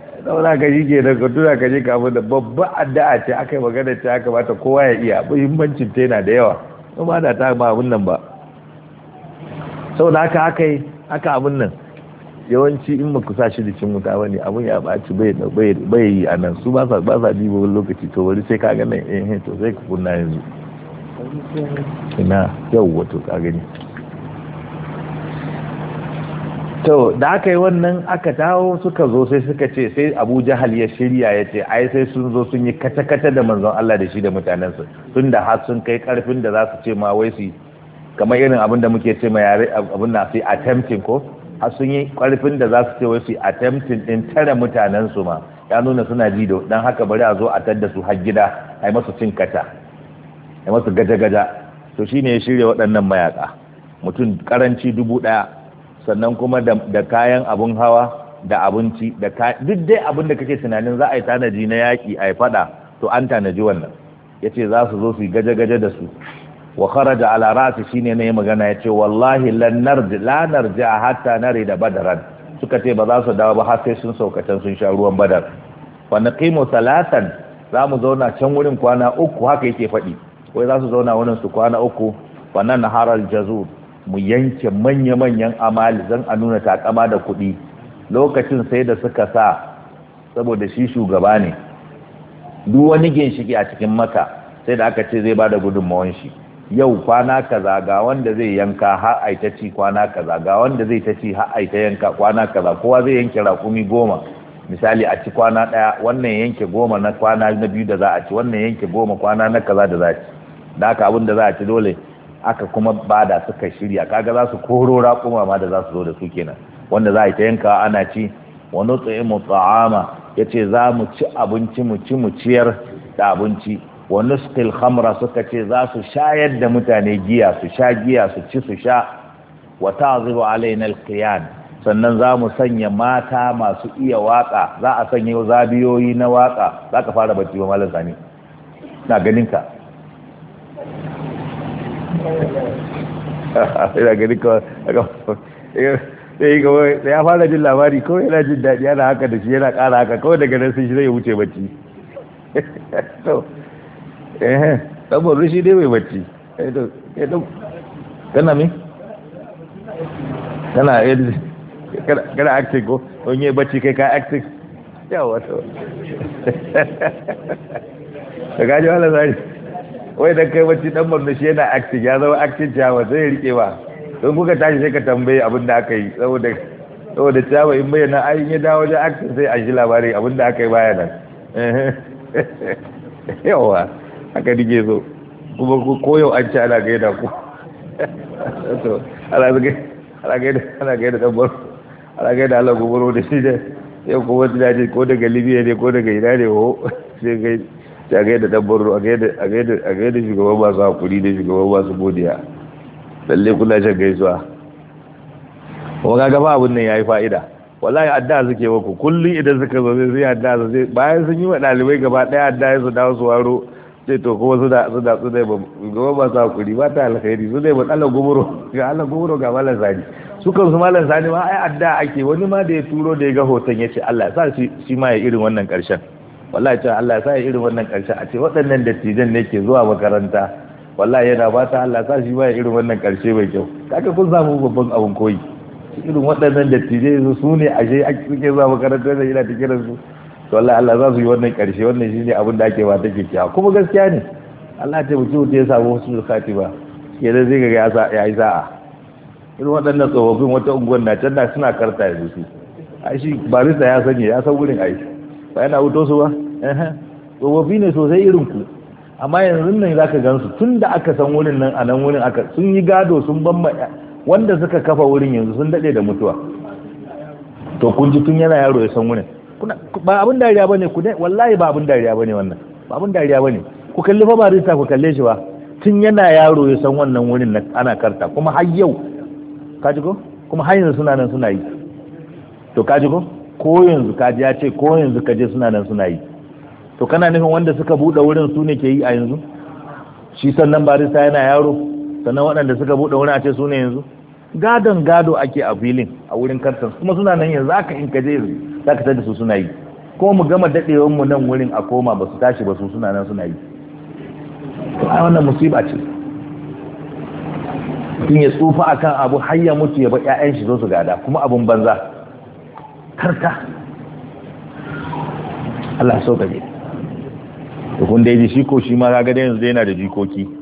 to da ka shi ke nan ka tura ka je kafin da babba addu'a ce aka yi magana ce aka bata kowa ya iya muhimmancin ta yana da yawa kuma da ta ba abun nan ba saboda haka aka yi aka abun nan yawanci in ba ku sa shi jikin wuta ba ne abin ya ɓaci bai yi a nan su ba sa diba wani lokaci to wani sai ka ganin eh, eh to sai ka kunna yanzu ina yau wato ka gani to da aka yi wannan aka dawo suka zo sai suka ce sai abu jahal ya shirya ya ce ai sai sun zo sun yi kata-kata da manzon Allah da shi da mutanensa tun da har sun kai karfin da za su ce ma wai su kamar irin abin da muke ce ma yare abin na sai attempting ko a sun yi ƙarfin da za su ce wasu attempting din tare mutanen su ma ya nuna suna ji da dan haka bari a zo a tadda su har gida ai masu cin kata ai masu gaja-gaja to shine ya shirya waɗannan mayaka mutum karanci dubu ɗaya sannan kuma da kayan abun hawa da abinci da duk dai abin da kake tunanin za a yi tanaji na yaƙi a yi faɗa to an tanaji wannan ya ce za su zo su yi gaje-gaje da su wa kharaja ala ra'si shine ne magana yace wallahi lan narji la narja hatta nari da badaran suka ce ba za su dawo ba har sai sun saukatan sun sha ruwan badar wa naqimu salatan za mu zauna can wurin kwana uku haka yake faɗi wai za su zauna wurin su kwana uku wa nan haral jazur mu yanke manya-manyan amali zan a nuna takama da kuɗi lokacin sai da suka sa saboda shi shugaba ne duk wani ginshiki a cikin maka sai da aka ce zai ba da gudunmawan shi yau kwana kaza ga wanda zai yanka har ai ta ci kwana kaza ga wanda zai ta ci har ai ta yanka kwana kaza kowa zai yanke rakumi goma misali a ci kwana ɗaya wannan yanke goma na kwana na biyu da za a ci wannan yanke goma kwana na kaza da za a ci da haka abin da za a ci dole aka kuma bada suka shirya kaga za su koro rakuma ma da za su zo da su kenan wanda za a ta yanka ana ci wani tsaye mu tsa'ama ya ce za mu ci abinci mu ci mu ciyar da abinci wa nusqil khamra suka ce za su shayar da mutane giya su sha giya su ci su sha wa ta'zibu alaina alqiyan sannan za mu sanya mata masu iya waka za a sanya zabiyoyi na waka za ka fara bacci ba malam sani na ganin ka ina ganin ka eh, eh, sai ya fara jin labari ko yana jin daɗi yana haka da shi yana ƙara haka kawai daga nan sai shi zai wuce bacci eh dan rishi shi dai bai bacci kai da kai da kana me kana kana acting ko on yi bacci kai ka acting yawa to da gaji wala zari wai dan kai bacci dan barru shi yana acting ya zama acting jawa zai rike ba don kuka tashi sai ka tambaye abin da aka yi saboda saboda ciyawa in bayyana ayin ya dawo wajen acting sai a shi labari abin da aka yi baya nan eh, eh, eh. yawa haka nike so kuma koyau an ci ana gaida ku ana gaida ana gaida ɗanɓar ana gaida ala gubaro da shi da yau kuma tuna ce ko daga libya ne ko daga ina ne ho sai gai a gaida ɗanɓar a gaida shugaban masu hakuri da shugaban masu godiya lalle kuna shan gaisuwa kuma ga gaba abin nan yayi fa'ida wallahi adda suke muku kullum idan suka zo zai adda su bayan sun yi wa ɗalibai gaba ɗaya adda su dawo su waro sai to kuma suna suna suna ba goma ba sa kuri ba ta alkhairi su dai ba Allah gumuro ga Allah gumuro ga malam sani su kan su malam sani ma ai adda ake wani ma da ya turo da ya ga hoton ya ce Allah ya sa shi shi ma ya irin wannan karshen wallahi ta Allah ya sa ya irin wannan karshen a ce waɗannan dattijan ne ke zuwa makaranta wallahi yana ba ta Allah sa shi ma ya irin wannan karshe mai kyau kaga kun samu babban abun koyi irin waɗannan dattijai su ne a ashe ake zuwa makaranta da yana tikiran su to Allah Allah za su yi wannan karshe wannan shine abin da ake ba ke kiyawa kuma gaskiya ne Allah ta mutu ya samu wasu kati ba ke da zai ga ya yi sa'a irin waɗannan tsofaffin wata unguwar na can na suna karta ya su a shi barista ya sanya ya san wurin aiki ba yana wuto su ba tsofaffi ne sosai irin ku amma yanzu nan za ka gansu tun da aka san wurin nan a nan wurin aka sun yi gado sun bamba wanda suka kafa wurin yanzu sun daɗe da mutuwa to kun ji tun yana yaro ya san wurin ba abin dariya ba ne ku ne wallahi ba abin dariya ba ne wannan ba abin dariya ba ne ku kalli fa barista ku kalle shi ba tun yana yaro ya san wannan wurin na ana karta kuma har yau ka ji ko kuma har yanzu suna nan suna yi to ka ji ko ko yanzu ka ji ya ce ko yanzu ka je suna nan suna yi to kana nufin wanda suka buɗe wurin su ne ke yi a yanzu shi sannan barista yana yaro sannan waɗanda suka buɗe wurin a ce su ne yanzu gadon gado ake a filin a wurin kantan kuma suna nan yanzu aka in ka je za ka da su suna yi ko mu gama daɗewar mu nan wurin a koma ba su tashi ba su suna nan suna yi ai wannan musiba ce mutum ya tsufa akan abu har ya mutu ya ba ƴaƴan shi zo su gada kuma abun banza karta Allah gaje to kun dai ji shi ko shi ma ga yanzu yana da jikoki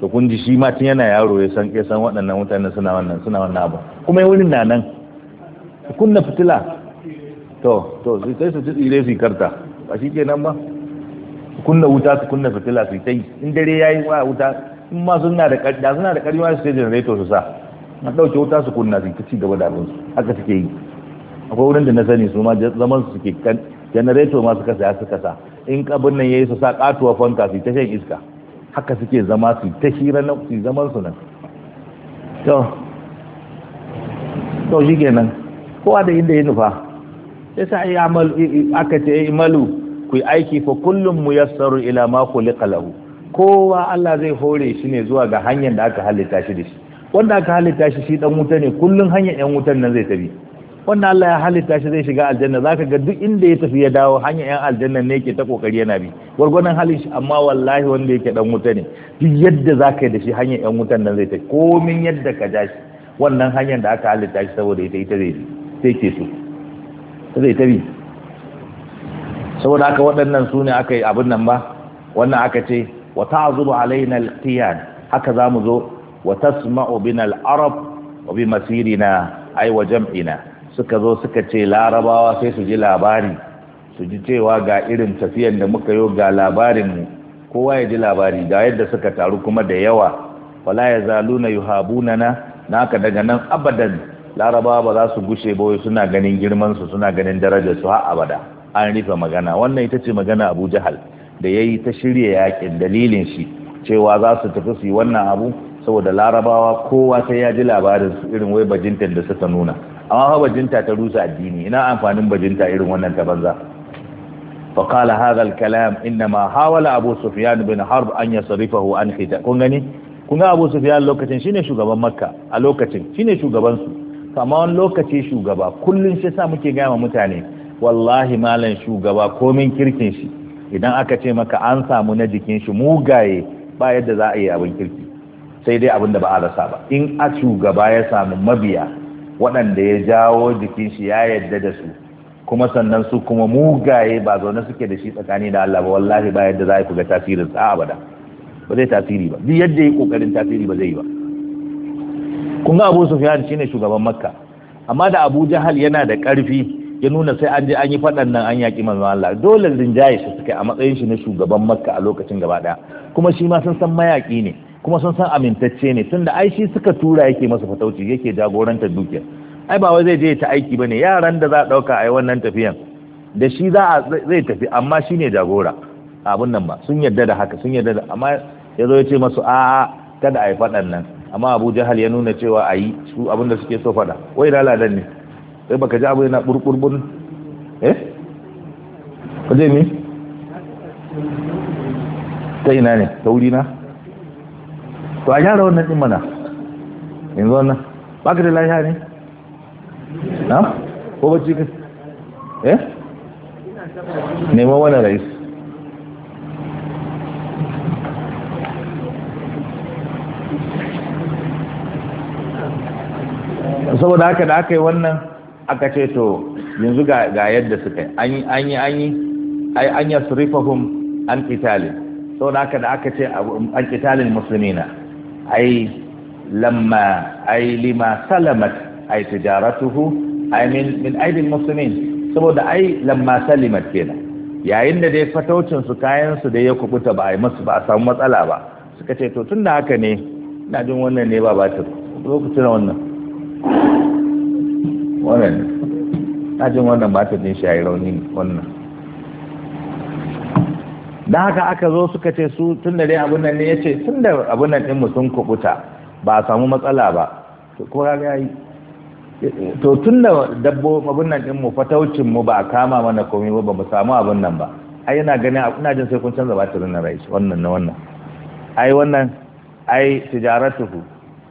to kun ji shi ma tun yana yaro ya san ya san waɗannan mutane suna wannan suna wannan abu kuma wurin na nan kunna fitila to to sai sai su tsire su karta ba shi ke nan ba kunna wuta su kunna fitila su tai yi in dare yayi wa wuta in ma suna da ƙarfi da suna da karima su sai generator su sa na dauke wuta su kunna su ci gaba da abin su haka suke yi akwai wurin da na sani su ma zaman su suke kan generator ma suka saya suka sa in kabin nan yayi su sa katuwa fanka su ta shan iska haka suke zama su ta hira na su zaman su nan to to shi kenan kowa da inda ya nufa ya sa yi aka ce ya malu ku yi aiki fa kullum mu yassaru ila ma khuliqa kowa Allah zai hore shi ne zuwa ga hanyar da aka halitta shi da shi wanda aka halitta shi shi dan wuta ne kullum hanyar yan wutan nan zai tabi wannan Allah ya halitta shi zai shiga aljanna za ka ga duk inda ya tafi ya dawo hanyar yan aljanna ne yake ta kokari yana bi gwargwadon halin shi amma wallahi wanda yake dan wuta ne duk yadda za ka yi da shi hanyar yan wutan nan zai ta komin yadda ka ja shi wannan hanyar da aka halitta shi saboda ita ita zai sai ke so zai ta saboda haka waɗannan su ne aka yi abin nan ba wannan aka ce wa ta'zuru alaina al-qiyan haka zamu zo wa tasma'u bina al-arab wa bi masirina ay wa jam'ina suka zo suka ce larabawa sai su ji labari su ji cewa ga irin tafiyan da muka yi ga labarinmu kowa ya ji labari ga yadda suka taru kuma da yawa wala ya zalu zaluna yuhabuna na naka daga nan abadan larabawa ba za su gushe ba suna ganin girmansu suna ganin darajar su har abada an rufe magana wannan ita ce magana Abu Jahal da yayi ta shirya yakin dalilin shi cewa za su tafi su yi wannan abu saboda larabawa kowa sai ya ji labarin su irin wai bajintan da suka nuna amma fa bajinta ta rusa addini ina amfanin bajinta irin wannan ta banza fa qala hadha al kalam inma hawala abu sufyan bin harb an yasrifahu an khita kun gani kun ga abu sufyan lokacin shine shugaban makka a lokacin shine shugaban su amma wani lokaci shugaba kullun shi sa muke gaya mutane wallahi malam shugaba komin kirkin shi idan aka ce maka an samu na jikin shi mugaye ba yadda za a yi abin kirki sai dai abin da ba a rasa ba in a shugaba ya samu mabiya waɗanda ya jawo jikin shi ya yadda da su kuma sannan su kuma mugaye ba zaune suke da shi tsakani da Allah ba wallahi ba yadda za ku ga tasirin sa abada ba zai tasiri ba duk yadda yi kokarin tasiri ba zai yi ba kun ga Abu Sufyan shine shugaban Makka amma da Abu Jahal yana da ƙarfi ya nuna sai an je an yi faɗan nan an yaki manzo Allah dole rinjaye shi suke a matsayin shi na shugaban Makka a lokacin gaba daya kuma shi ma sun san mayaƙi ne kuma sun san amintacce ne tunda ai shi suka tura yake masa fatauci yake jagoranta dukiyar ai ba wai zai je ta aiki bane yaran da za a dauka ai wannan tafiyan da shi za a zai tafi amma shi ne jagora abun nan ba sun yarda da haka sun yarda da amma ya zo ya ce masu a kada a yi faɗan nan amma abu jahal ya nuna cewa a yi su abin da suke so faɗa wai laladan ne sai baka ji abu yana burburbun eh kaje ne ta ina ne ta wuri na to a gyara wannan ɗin mana yanzu wannan ba ka da lafiya ne na ko bacci ka eh neman wani rais saboda haka da aka yi wannan aka ce to yanzu ga yadda suka yi an yi an yi an yi surifahun an kitali saboda haka da aka ce an musulmi musulmina ai lamma ai lima salamat ai tijaratuhu ai min min aidil muslimin saboda ai lamma salimat kenan yayin da dai fatocin su kayan su da ya kubuta ba ai musu ba a samu matsala ba suka ce to tun da haka ne ina jin wannan ne ba batir lokacin wannan wannan na jin wannan batir din shi yi rauni wannan don haka aka zo suka ce su tun da dai abun nan ne ya ce tun da abun nan ɗinmu sun kubuta ba a samu matsala ba to ko ya yi to tun da dabbo abun nan ɗinmu fataucinmu ba a kama mana komai ba ba mu samu abun nan ba ai yana ganin ina jin sai kun canza batirin na rai wannan na wannan ai wannan ai tijaratuhu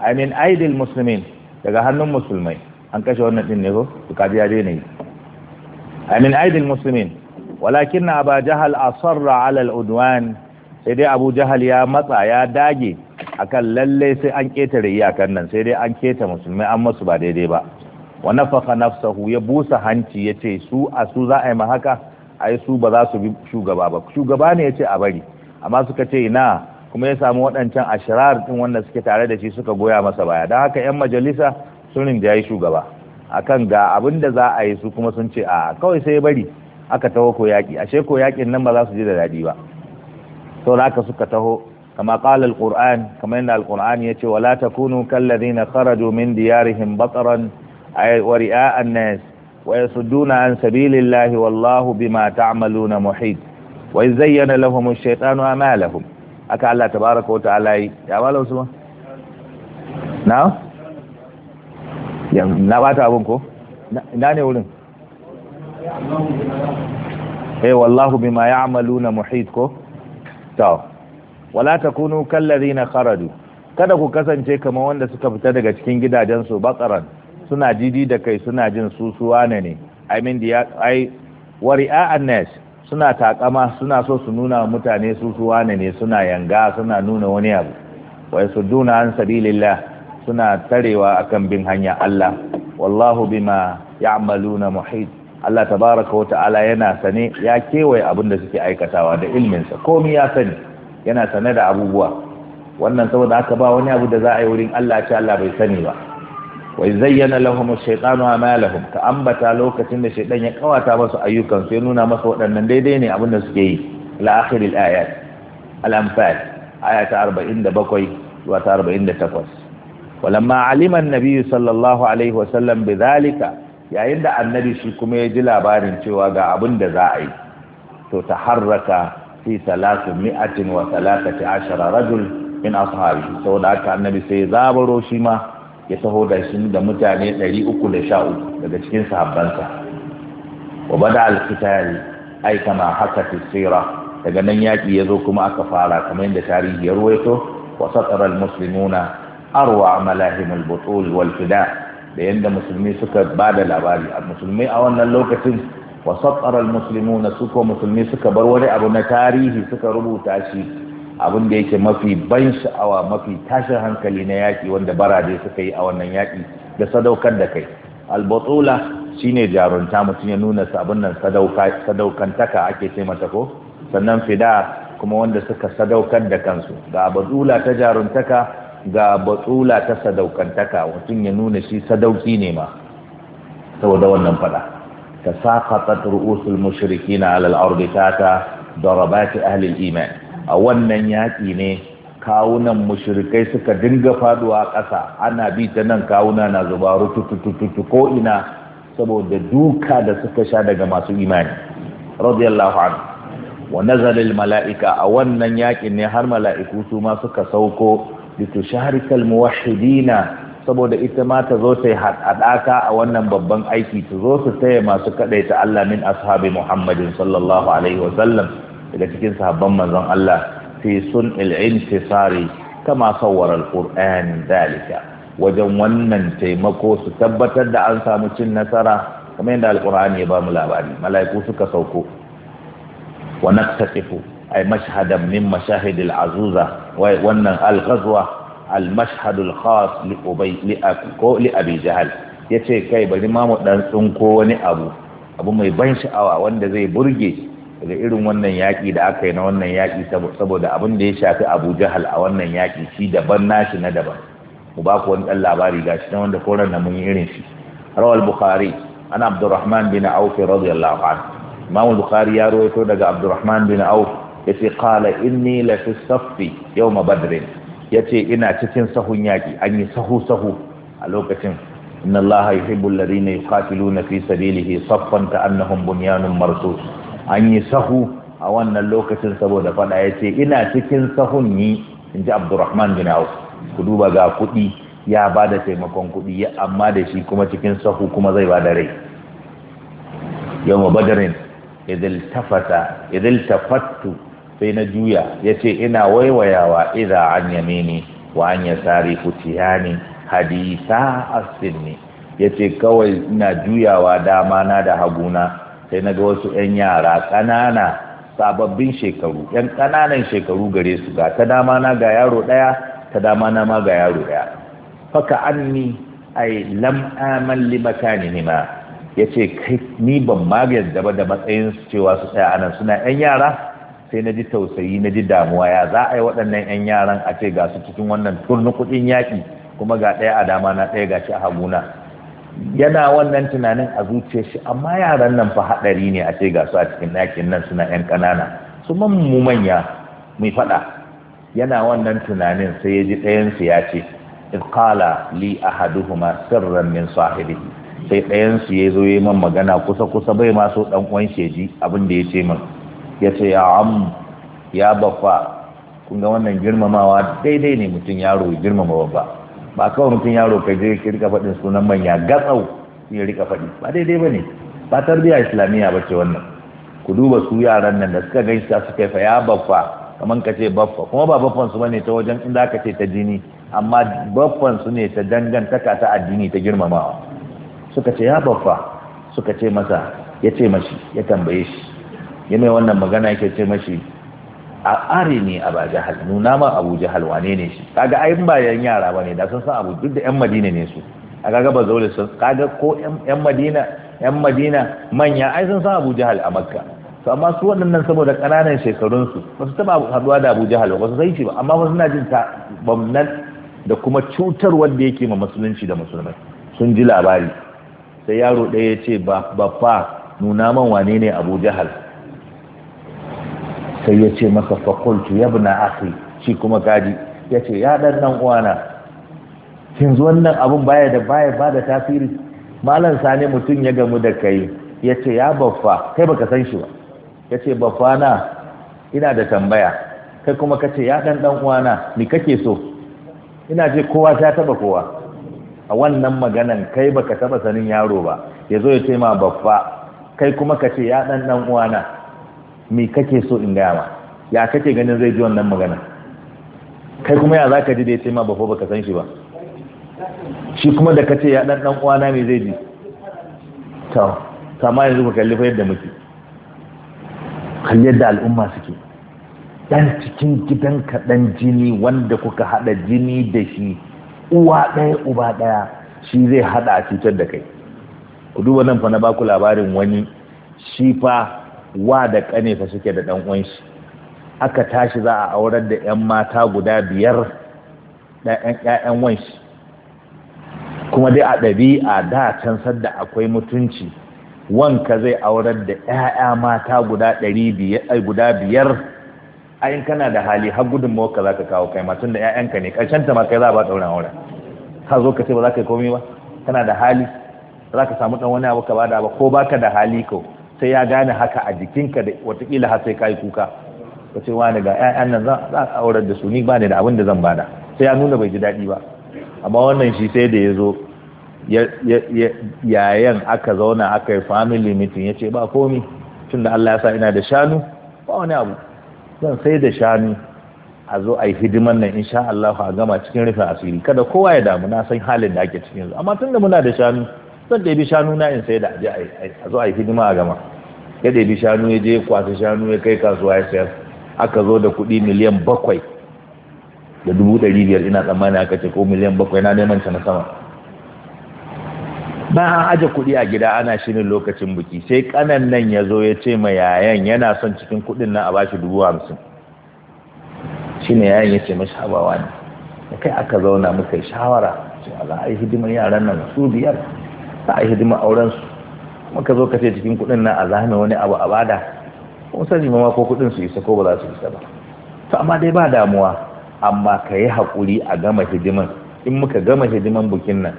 ai mean aidil muslimin daga hannun musulmai an kashe wannan din ne ko to kaji ya dai yi ai min aidil muslimin walakin na aba jahal sarra alal udwan sai dai abu jahal ya matsa ya dage akan lalle sai an ketare iyakan nan sai dai an keta musulmi an masu ba daidai ba wani nafakha nafsahu ya busa hanci ya ce su a su za a yi haka yi su ba za su bi shugaba ba shugaba ne ya ce a bari amma suka ce ina kuma ya samu waɗancan ashirar ɗin wanda suke tare da shi suka goya masa baya don haka yan majalisa sun rinjayi shugaba akan ga abin da za a yi su kuma sun ce a kawai sai bari aka taho ko yaƙi ashe ko yaƙin nan ba za su ji da daɗi ba to da aka suka taho kama ƙala alƙur'an kama yadda alƙur'an ya ce wa la takunu kalladhina kharaju min diyarihim bataran ay wa ri'a an-nas wa yasudduna an sabilillahi wallahu bima ta'maluna muhit wa zayyana lahum ash-shaytanu a'malahum aka Allah tabaaraka wa ta'ala ya malam su na ya na bata abun ko na ne wurin eh wallahu bima ya'maluna muhit ko wala takunu ladina kharaju kada ku kasance kamar wanda suka fita daga cikin gidajen su bakaran suna didi da kai suna jin su ne ne i mean the i wari'a annas suna takama suna so su nuna mutane su ne ne suna yanga suna nuna wani abu wai su duna an sabilillah suna tarewa akan bin hanya Allah wallahu bima ya'maluna muhit Allah tabaraka wa ta'ala yana sane ya kewaye abin da suke aikatawa da ilminsa komi ya sani yana sane da abubuwa wannan saboda haka ba wani abu da za a yi wurin Allah ce Allah bai sani ba wai zayyana lahum ash-shaytanu amalahum ka ambata lokacin da shaytan ya kawata masu ayyukan su ya nuna masa waɗannan daidai ne abin da suke yi la akhiril ayat al-amsal aya ta 47 zuwa ta 48 walamma alima an-nabi sallallahu alaihi sallam bidhalika yayin da annabi shi kuma ya ji labarin cewa ga abin da za a yi to ta harraka fi salatu mi'atin wa salatati ashara rajul min ashabi saboda haka annabi sai zabaro shi ma ya taho da shi da mutane 313 daga cikin sahabbansa wa bada al-qital ai kama haka tisira daga nan yaki yazo kuma aka fara kamar yadda tarihi ya ruwaito wa satara al-muslimuna arwa malahim al-butul wal fida' da yadda musulmi suka ba da labari a musulmi a wannan lokacin wasattar musulmi na suko musulmi suka bar wani abu na tarihi suka rubuta shi abin da yake mafi ban sha'awa mafi tashin hankali na yaƙi wanda barade suka yi a wannan yaƙi da sadaukar da kai albatula shine jarunta mutum ya nuna abin nan sadaukantaka ake ce mata ko sannan fida kuma wanda suka sadaukar da kansu ga batula ta jaruntaka ga batsula ta sadaukantaka mutum ya nuna shi sadauki ne ma saboda wannan fada ta saqatat ru'usul mushiriki na al ta tata darabati ahli al-iman a wannan yaƙi ne kawunan mushrikai suka dinga faduwa ƙasa ana bi ta nan kawuna na zuba rututututu ko ina saboda duka da suka sha daga masu imani radiyallahu anhu wa nazalil mala'ika a wannan yaƙin ne har mala'iku su ma suka sauko litusharikal muwahhidina saboda ita ma ta zo ta yi haɗaka a wannan babban aiki ta zo su taya masu kaɗai ta Allah min ashabi Muhammadin sallallahu alaihi daga cikin sahabban manzon Allah fi sun intisari kama sawwara alquran dalika wajen wannan taimako su tabbatar da an samu cin nasara kamar yadda alqur'ani ya ba mu labari mala'iku suka sauko wa naqtasifu ai mashhadan min mashahid al-azuza wannan al-ghazwa al-mashhad al-khas li ubay li ko li abi jahal yace kai bari ma mu dan tsunko wani abu abu mai ban sha'awa wanda zai burge daga irin wannan yaƙi da aka yi na wannan yaƙi saboda abin da ya shafi abu jahal a wannan yaƙi shi daban nashi na daban mu ba ku wani ɗan labari ga shi na wanda ko na mun yi irin shi rawal bukhari ana abdurrahman bin auf radiyallahu anhu imam bukhari ya rawaito daga abdurrahman bin auf yace qala inni la fi saffi yawma badr yace ina cikin sahun yaki an yi sahu sahu a lokacin inna allaha yuhibbul ladina yuqatiluna fi sabilihi saffan annahun bunyanun marsus an yi sahu a wannan lokacin saboda fada yace ina cikin sahun ni inji abdurrahman bin auf ku duba ga kuɗi ya bada taimakon kuɗi, amma da shi kuma cikin sahu kuma zai ba da rai ma badrin idil tafata idil tafattu sai na juya ya ce ina waiwayawa idan an ni wa an yasari futiyani hadisa asinni ya ce kawai ina juyawa dama na da haguna sai na ga wasu 'yan yara ƙanana sababbin shekaru 'yan ƙananan shekaru gare su ga ta dama na ga yaro ɗaya ta dama na ma ga yaro ɗaya faka ni ai lam aman li ma. ya ce kai ni ban ma yadda ba da matsayin cewa su tsaya anan suna 'yan yara sai na ji tausayi na ji damuwa ya za a yi waɗannan 'yan yaran a ce ga su cikin wannan turnu kuɗin yaƙi kuma ga ɗaya a dama na ɗaya ga shi a haguna yana wannan tunanin a zuciyar shi amma yaran nan fa haɗari ne a ce ga su a cikin yaƙin nan suna 'yan ƙanana su man mu manya mai faɗa yana wannan tunanin sai ya ji ɗayansu ya ce iqala li ahaduhuma sirran min sahibihi sai ɗayansu ya zo ya yi man magana kusa kusa bai ma so ɗan uwan shi ji abin da ya ce min ya ce ya am ya baffa kunga wannan girmamawa daidai ne mutum yaro ya girmama babba ba kawai mutum yaro ka je ki rika faɗin sunan manya gatsau ya rika faɗi ba daidai ba ne ba tarbiyya islamiyya ba ce wannan ku duba su yaran nan da suka gaisa suka yi ya baffa kamar ka ce baffa kuma ba baffan su bane ta wajen inda ka ce ta jini amma baffan su ne ta dangantaka ta addini ta girmamawa suka ce ya baffa suka ce masa ya ce mashi ya tambaye shi ya mai wannan magana yake ce mashi a are ne a ba jahal nuna ma abu jahal wane ne shi kaga ai ba yan yara bane da sun san abu duk da yan madina ne su kaga ba zaure sun kaga ko yan madina yan madina manya ai sun san abu jahal a makka to amma su waɗannan saboda ƙananan shekarun su ba su taɓa haɗuwa da abu jahal ba su san shi ba amma ba suna jin ta bamnan da kuma cutar wanda yake ma musulunci da musulmai sun ji labari sai yaro ɗaya ya ce ba fa nuna man wane ne abu jahal sai ya ce masa fakultu ya bi na akhi shi kuma kaji ya ce ya ɗan nan uwana yanzu wannan abun baya da baya ba da tasiri malam sani mutum ya gamu da kai ya ce ya baffa kai baka san shi ba ya ce baffa na ina da tambaya kai kuma ka ce ya ɗan ɗan uwana ni kake so ina ce kowa ta taba kowa a wannan maganan kai baka taba sanin yaro ba ya zo ya ce ma baffa kai kuma ka ce ya ɗan ɗan uwana me kake so in gaya ma ya kake ganin zai ji wannan magana kai kuma ya za ka ji da ya ce ma ba baka san shi ba shi kuma da kace ya dan uwana me zai ji Ta ma yanzu ku kalli fa yadda muke kalli yadda al'umma suke dan cikin ka dan jini wanda kuka hada jini da shi uwa ɗaya uba ɗaya shi zai hada a cutar da kai ku duba nan fa na baku labarin wani shi fa wa da ƙane fa suke da ɗan uwan shi aka tashi za a aurar da 'yan mata guda biyar ‘ya'yan wanshi kuma dai a ɗabi'a da can sadda akwai mutunci wanka zai aurar da ‘ya'ya mata guda biyar ayin kana da hali har gudun mawaka za ka kawo kai matun da ‘ya'yanka ne ƙarshen ta ma kai za a ba wurin aure? ka zo ka ce ba za ka yi komai ba kana da hali za ka samu ɗan wani abu ka ba da ba ko baka da hali ko sai ya gane haka a jikinka da watakila har sai kai kuka ka ce wani ga ƴaƴan nan za a aurar da su ni ba da abin da zan bada sai ya nuna bai ji daɗi ba amma wannan shi sai da ya zo yayan aka zauna aka yi family meeting ya ce ba komi tun da Allah ya sa ina da shanu ba wani abu zan sai da shanu a zo a yi hidiman nan insha Allah a gama cikin rufin asiri kada kowa ya damu na san halin da ake cikin amma tun da muna da shanu zan ɗebi shanu na in sai da aje a zo a yi hidima a gama ya ɗebi shanu ya je kwasa shanu ya kai kasuwa ya sayar aka zo da kuɗi miliyan bakwai da dubu ɗari biyar ina tsammani aka ce ko miliyan bakwai na neman ta na sama bayan an aje kuɗi a gida ana shirin lokacin buki sai kanan nan ya zo ya ce ma yayan yana son cikin kuɗin nan a bashi dubu hamsin shi ne yayan ya ce mashi habawa ne kai aka zauna muka yi shawara za a yi hidimar yaran nan su biyar sa a hidima auren su ka zo ka ce cikin kuɗin na a zame wani abu a bada kuma sani ma ko kuɗin su isa ko ba za su isa ba to amma dai ba damuwa amma ka yi haƙuri a gama hidiman in muka gama hidiman bukin nan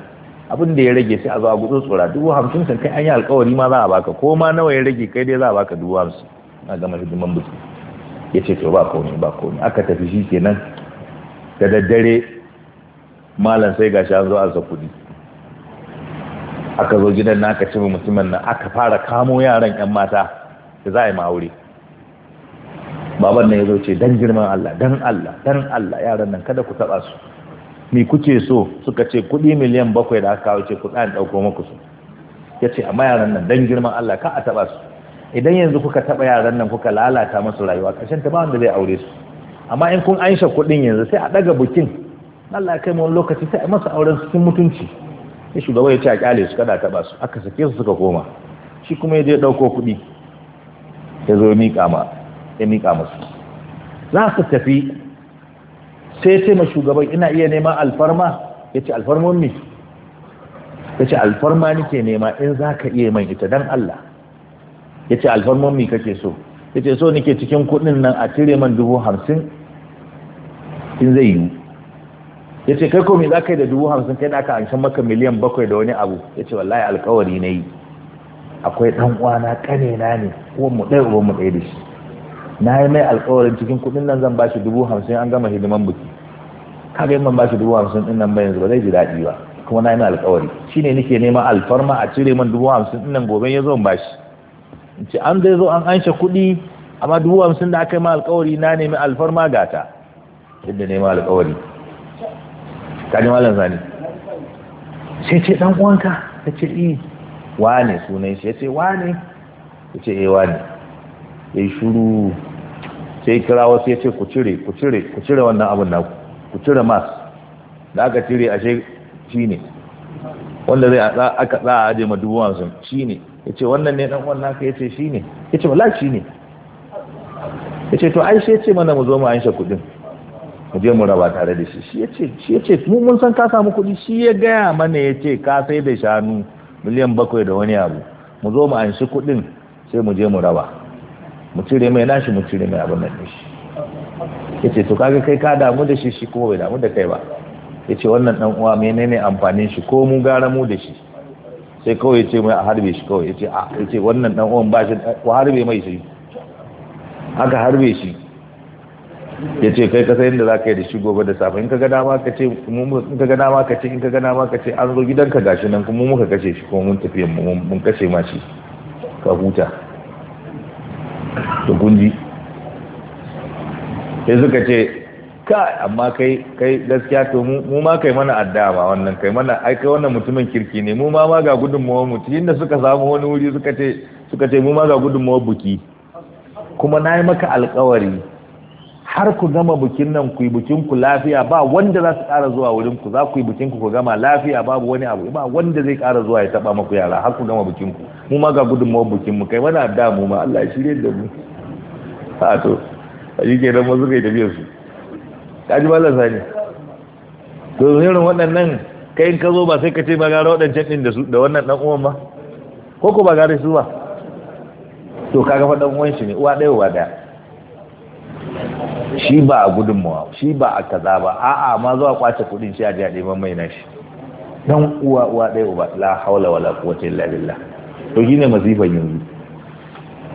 abin da ya rage sai a zo a gudu tsora dubu hamsin kan kai an yi alkawari ma za a baka ko ma nawa ya rage kai dai za a baka dubu hamsin a gama hidiman bukin ya ce to ba komai ba komai aka tafi shi kenan da daddare malam sai gashi an zo an sa kuɗi aka zo gidan na aka ce mutumin nan aka fara kamo yaran yan mata da za a yi ma'aure aure baban nan ya zo ce dan girman Allah dan Allah dan Allah yaran nan kada ku taba su me kuke so suka ce kuɗi miliyan bakwai da aka kawo ce ku ɗan ɗauko muku su ya ce amma yaran nan dan girman Allah ka a taba su idan yanzu kuka taba yaran nan kuka lalata masu rayuwa ƙarshen ta ba wanda zai aure su amma in kun aisha kuɗin yanzu sai a ɗaga bukin Allah ya kai mu wani lokaci sai a masa auren cikin mutunci sai shugaba ya ce a kyale su kada taba su aka sake su suka koma shi kuma ya je dauko kuɗi ya zo mika ma ya mika musu za su tafi sai ce ma shugaban ina iya neman alfarma ya ce alfarmon mi ya ce alfarma nike nema in za ka iya mai ita don Allah ya ce alfarmon mi kake so ya ce so nike cikin kuɗin nan a cire man dubu hamsin in zai yiwu ya ce kai komi za ka yi da dubu hamsin kai da aka anshin maka miliyan bakwai da wani abu ya ce wallahi alkawari na yi akwai ɗan uwana ƙanena ne ko mu ɗaya uwan mu ɗaya da shi na yi mai alkawarin cikin kuɗin nan zan bashi dubu hamsin an gama hidiman buki kaga yin ban bashi dubu hamsin ɗin nan ba yanzu ba zai ji daɗi ba kuma na yi mai alkawari shine nake neman alfarma a cire man dubu hamsin ɗin nan gobe ya zo bashi in ce an zai zo an anshe kuɗi amma dubu hamsin da aka yi ma alkawari na nemi alfarma gata yadda nema alkawari kaji wallan zane sai ce dan uwanka ta ce yi eh. wane sunan shi ya ce wane ya ce yi eh, wane ya yi shuru sai kira wasu ya ce ku cire ku cire ku cire wannan abin naku ku cire mas da aka cire ashe shi ne wanda zai aka za a aje ma dubu shi ne ya ce wannan ne dan uwan naka ya ce shi ne ya ce wala shi ne ya ce to ai sai ce mana mu zo mu anshe kuɗin mu je mu raba tare da shi shi ya ce shi ya ce mu mun san ka samu kuɗi shi ya gaya mana ya ce ka sai da shanu miliyan bakwai da wani abu mu zo mu anshi kuɗin sai mu je mu raba mu cire mai nashi mu cire mai abin nan shi ya ce to kaga kai ka damu da shi shi kuma bai damu da kai ba ya ce wannan ɗan uwa menene amfanin shi ko mu gara mu da shi sai kawai ya ce mai a harbe shi kawai ya ce a ya ce wannan ɗan uwan ba shi ko harbe mai shi haka harbe shi ya ce kai kasa yadda za ka yi da shi gobe da safe in ka gada ma ka ce in ka gada ma ka ce in ka gada ma ka ce an zo gidanka gashi nan kuma muka kashe shi kuma mun tafiya mun kashe ma shi ka huta da kunji sai suka ce ka amma kai kai gaskiya to mu ma kai mana adda ba wannan kai mana ai kai wannan mutumin kirki ne mu ma ma ga mu mutu inda suka samu wani wuri suka ce suka ce mu ma ga gudunmawar buki kuma na yi maka alƙawari. har ku gama bukin nan ku yi bukin ku lafiya ba wanda za su ƙara zuwa wurin ku za ku yi bukin ku ku gama lafiya babu wani abu ba wanda zai ƙara zuwa ya taba maku yara har ku gama bukin ku mu ma ga mawa bukin mu kai wani da mu ma Allah ya shirye da mu a to a yi kenan mu suka yi tafiyar ka ji malam sani to irin waɗannan kai in ka zo ba sai ka ce ba gara waɗancan ɗin da su da wannan ɗan uwan ba ko ko ba gara su ba to kaga fa ɗan uwan shi ne uwa ɗaya uwa ɗaya shi ba a gudunmawa shi ba a kaza ba a'a ma zuwa kwace kudin shi a jiya a mai na shi dan uwa uwa ɗaya uba la haula wala quwwata illa billah to shine mazifan yanzu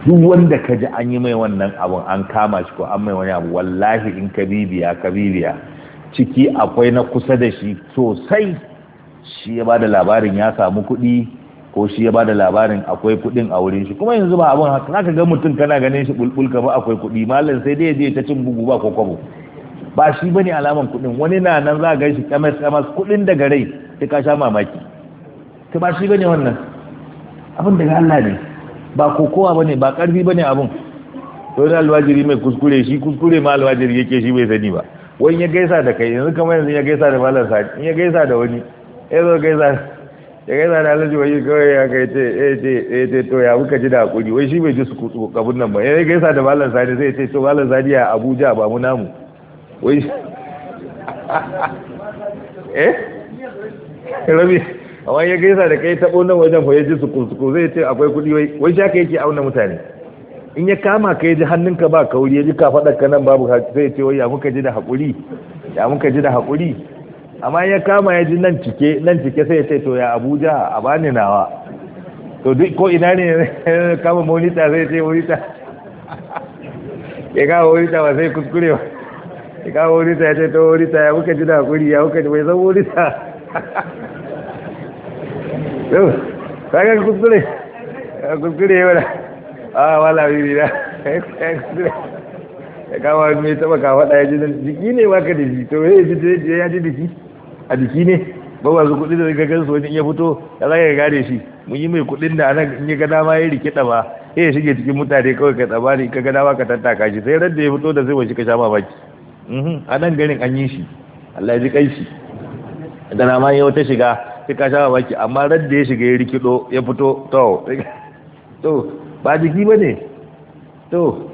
duk wanda ka ji an yi mai wannan abun an kama shi ko an mai wani abu wallahi in ka bibiya ka bibiya ciki akwai na kusa da shi sosai shi ya bada labarin ya samu kuɗi ko shi ya bada labarin akwai kuɗin a wurin shi kuma yanzu ba abun haka zaka ga mutum kana ganin shi bulbul ka ba akwai kuɗi mallan sai dai je ta cin bugu ba ko kwabo ba shi bane alaman kuɗin wani na nan za ga shi kamar kamar kuɗin daga rai sai ka sha mamaki ta ba shi bane wannan abin daga Allah ne ba kokowa bane ba karfi bane abun to da alwajiri mai kuskure shi kuskure ma alwajiri yake shi bai sani ba wani ya gaisa da kai yanzu kamar yanzu ya gaisa da malam sa in ya gaisa da wani ya zo gaisa ya gaisa da alhaji wai kawai ya kai eh, ce eh ce to ya muka ji da hakuri wai shi bai ji su kutsu kabun nan ba ya gaisa da malam sani sai ce to malam sani a abuja ba mu namu wai eh rabi amma ya gaisa da kai tabo nan wajen fa ya ji su kutsu zai ce akwai kuɗi wai wai shi haka yake auna mutane in ya kama ka ji hannunka ba kauri ya ji ka faɗa ka nan babu sai ce wai ya muka ji da hakuri ya muka ji da hakuri amma ya kama ya ji nan cike nan cike sai ya ce to ya abuja a bani nawa to duk ko ina ne kama monita sai ya ce monita ya kama monita ba sai kuskure ba ya kama monita ya ce to monita ya muka ji da hakuri ya muka ji bai san monita yau kaga kuskure kuskure yau da a wala bibi na kuskure ya kama wani mai taba kafaɗa ya ji jiki ne ba ka da shi to ya ji jiki a jiki ne ba ba su kudi da daga gansu wajen ya fito ya zai ka gane shi mun yi mai kuɗin da anan in ya ga dama ya rike ɗaba sai ya shige cikin mutane kawai ka tsaba ne ka ga dama ka tattaka shi sai radda ya fito da zai wace ka sha mamaki mhm, a nan garin an yi shi Allah ya ji kai shi da na ma yau ta shiga sai ka sha mamaki amma radda ya shiga ya rikido ya fito to to ba jiki ba ne to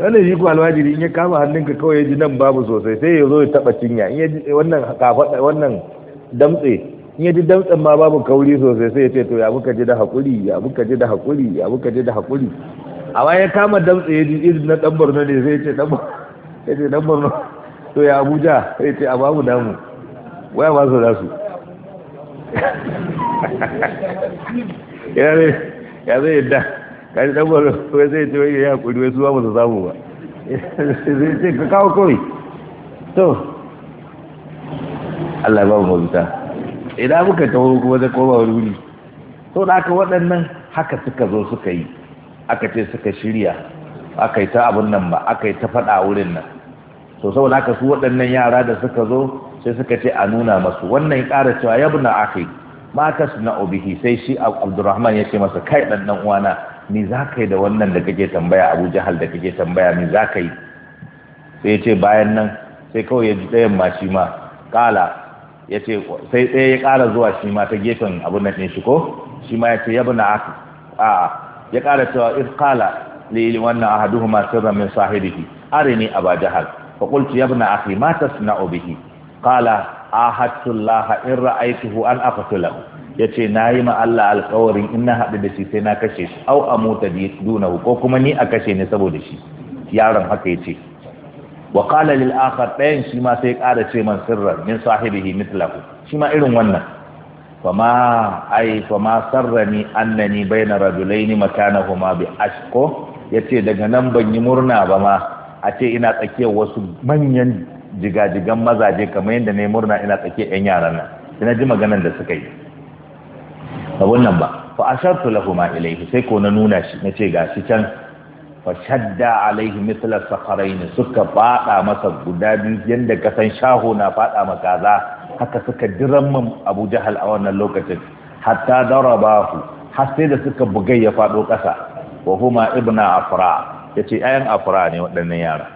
wanda shi ku alwajiri in ya kama hannun ka kawai ya ji nan babu sosai sai ya zo ya taba cinya in ya ji wannan kafaɗa wannan damtse in ya ji damtsen ma babu kauri sosai sai ya ce to ya muka ji da hakuri ya muka ji da hakuri ya muka ji da hakuri amma ya kama damtse ya ji irin na dan Borno ne sai ya ce dan ya ce dan Borno to ya Abuja sai ya ce a babu damu waya ba su za su ya zai yadda kaji dan baro wai zai ce wai ya kuri wai suwa ba su samu ba zai ce ka kawo kawai to Allah ba mu mafita idan muka taho kuma zai koma wani wuri to da aka waɗannan haka suka zo suka yi aka ce suka shirya aka yi ta abun nan ba aka yi ta faɗa wurin nan to saboda haka su waɗannan yara da suka zo sai suka ce a nuna masu wannan ya ƙara cewa yabna akhi ma tasna'u bihi sai shi Abdurrahman ya ce masa kai dan dan uwana Ni za ka yi da wannan da kake tambaya abu jahal da kake tambaya ni za ka yi sai ya ce bayan nan sai kawai ya ji ɗayan ma shi ma Kala ya ce sai ɗaya ya ƙara zuwa shi ma ta gefen abin nan shi ko shi ma ya ce ya bana aka a ya ƙara cewa in Kala li wannan a haduhu ma sirra min sahibihi arini aba jahal fa qultu ya bana akhi ma obihi kala a hatsun laha in ra'aytuhu an aqtulahu ya ce na yi ma Allah alkawarin in na haɗu da shi sai na kashe shi au a mota duna ko kuma ni a kashe ni saboda shi yaron haka ya ce wa kala lil akhar ɗayan shi ma sai ƙara ce man sirrar min sahibihi mithlahu shi ma irin wannan ma ai fa fama sarrani annani baina rajulaini makanahuma bi ya yace daga nan ban yi murna ba ma a ce ina tsakiyar wasu manyan jigajigan mazaje kamar yadda na yi murna ina tsakiyar yan yaran nan sai na ji maganar da suka yi abun nan ba fa ashartu lahuma ilayhi sai ko na nuna shi na ga gashi can fa shadda alaihi mithla sakharain suka fada masa guda biyu yanda kasan shaho na fada maka kaza haka suka diramman Abu Jahal a wannan lokacin hatta darabahu har sai da suka bugai ya fado kasa wa huma ibna afra yace ayan afra ne waɗannan yara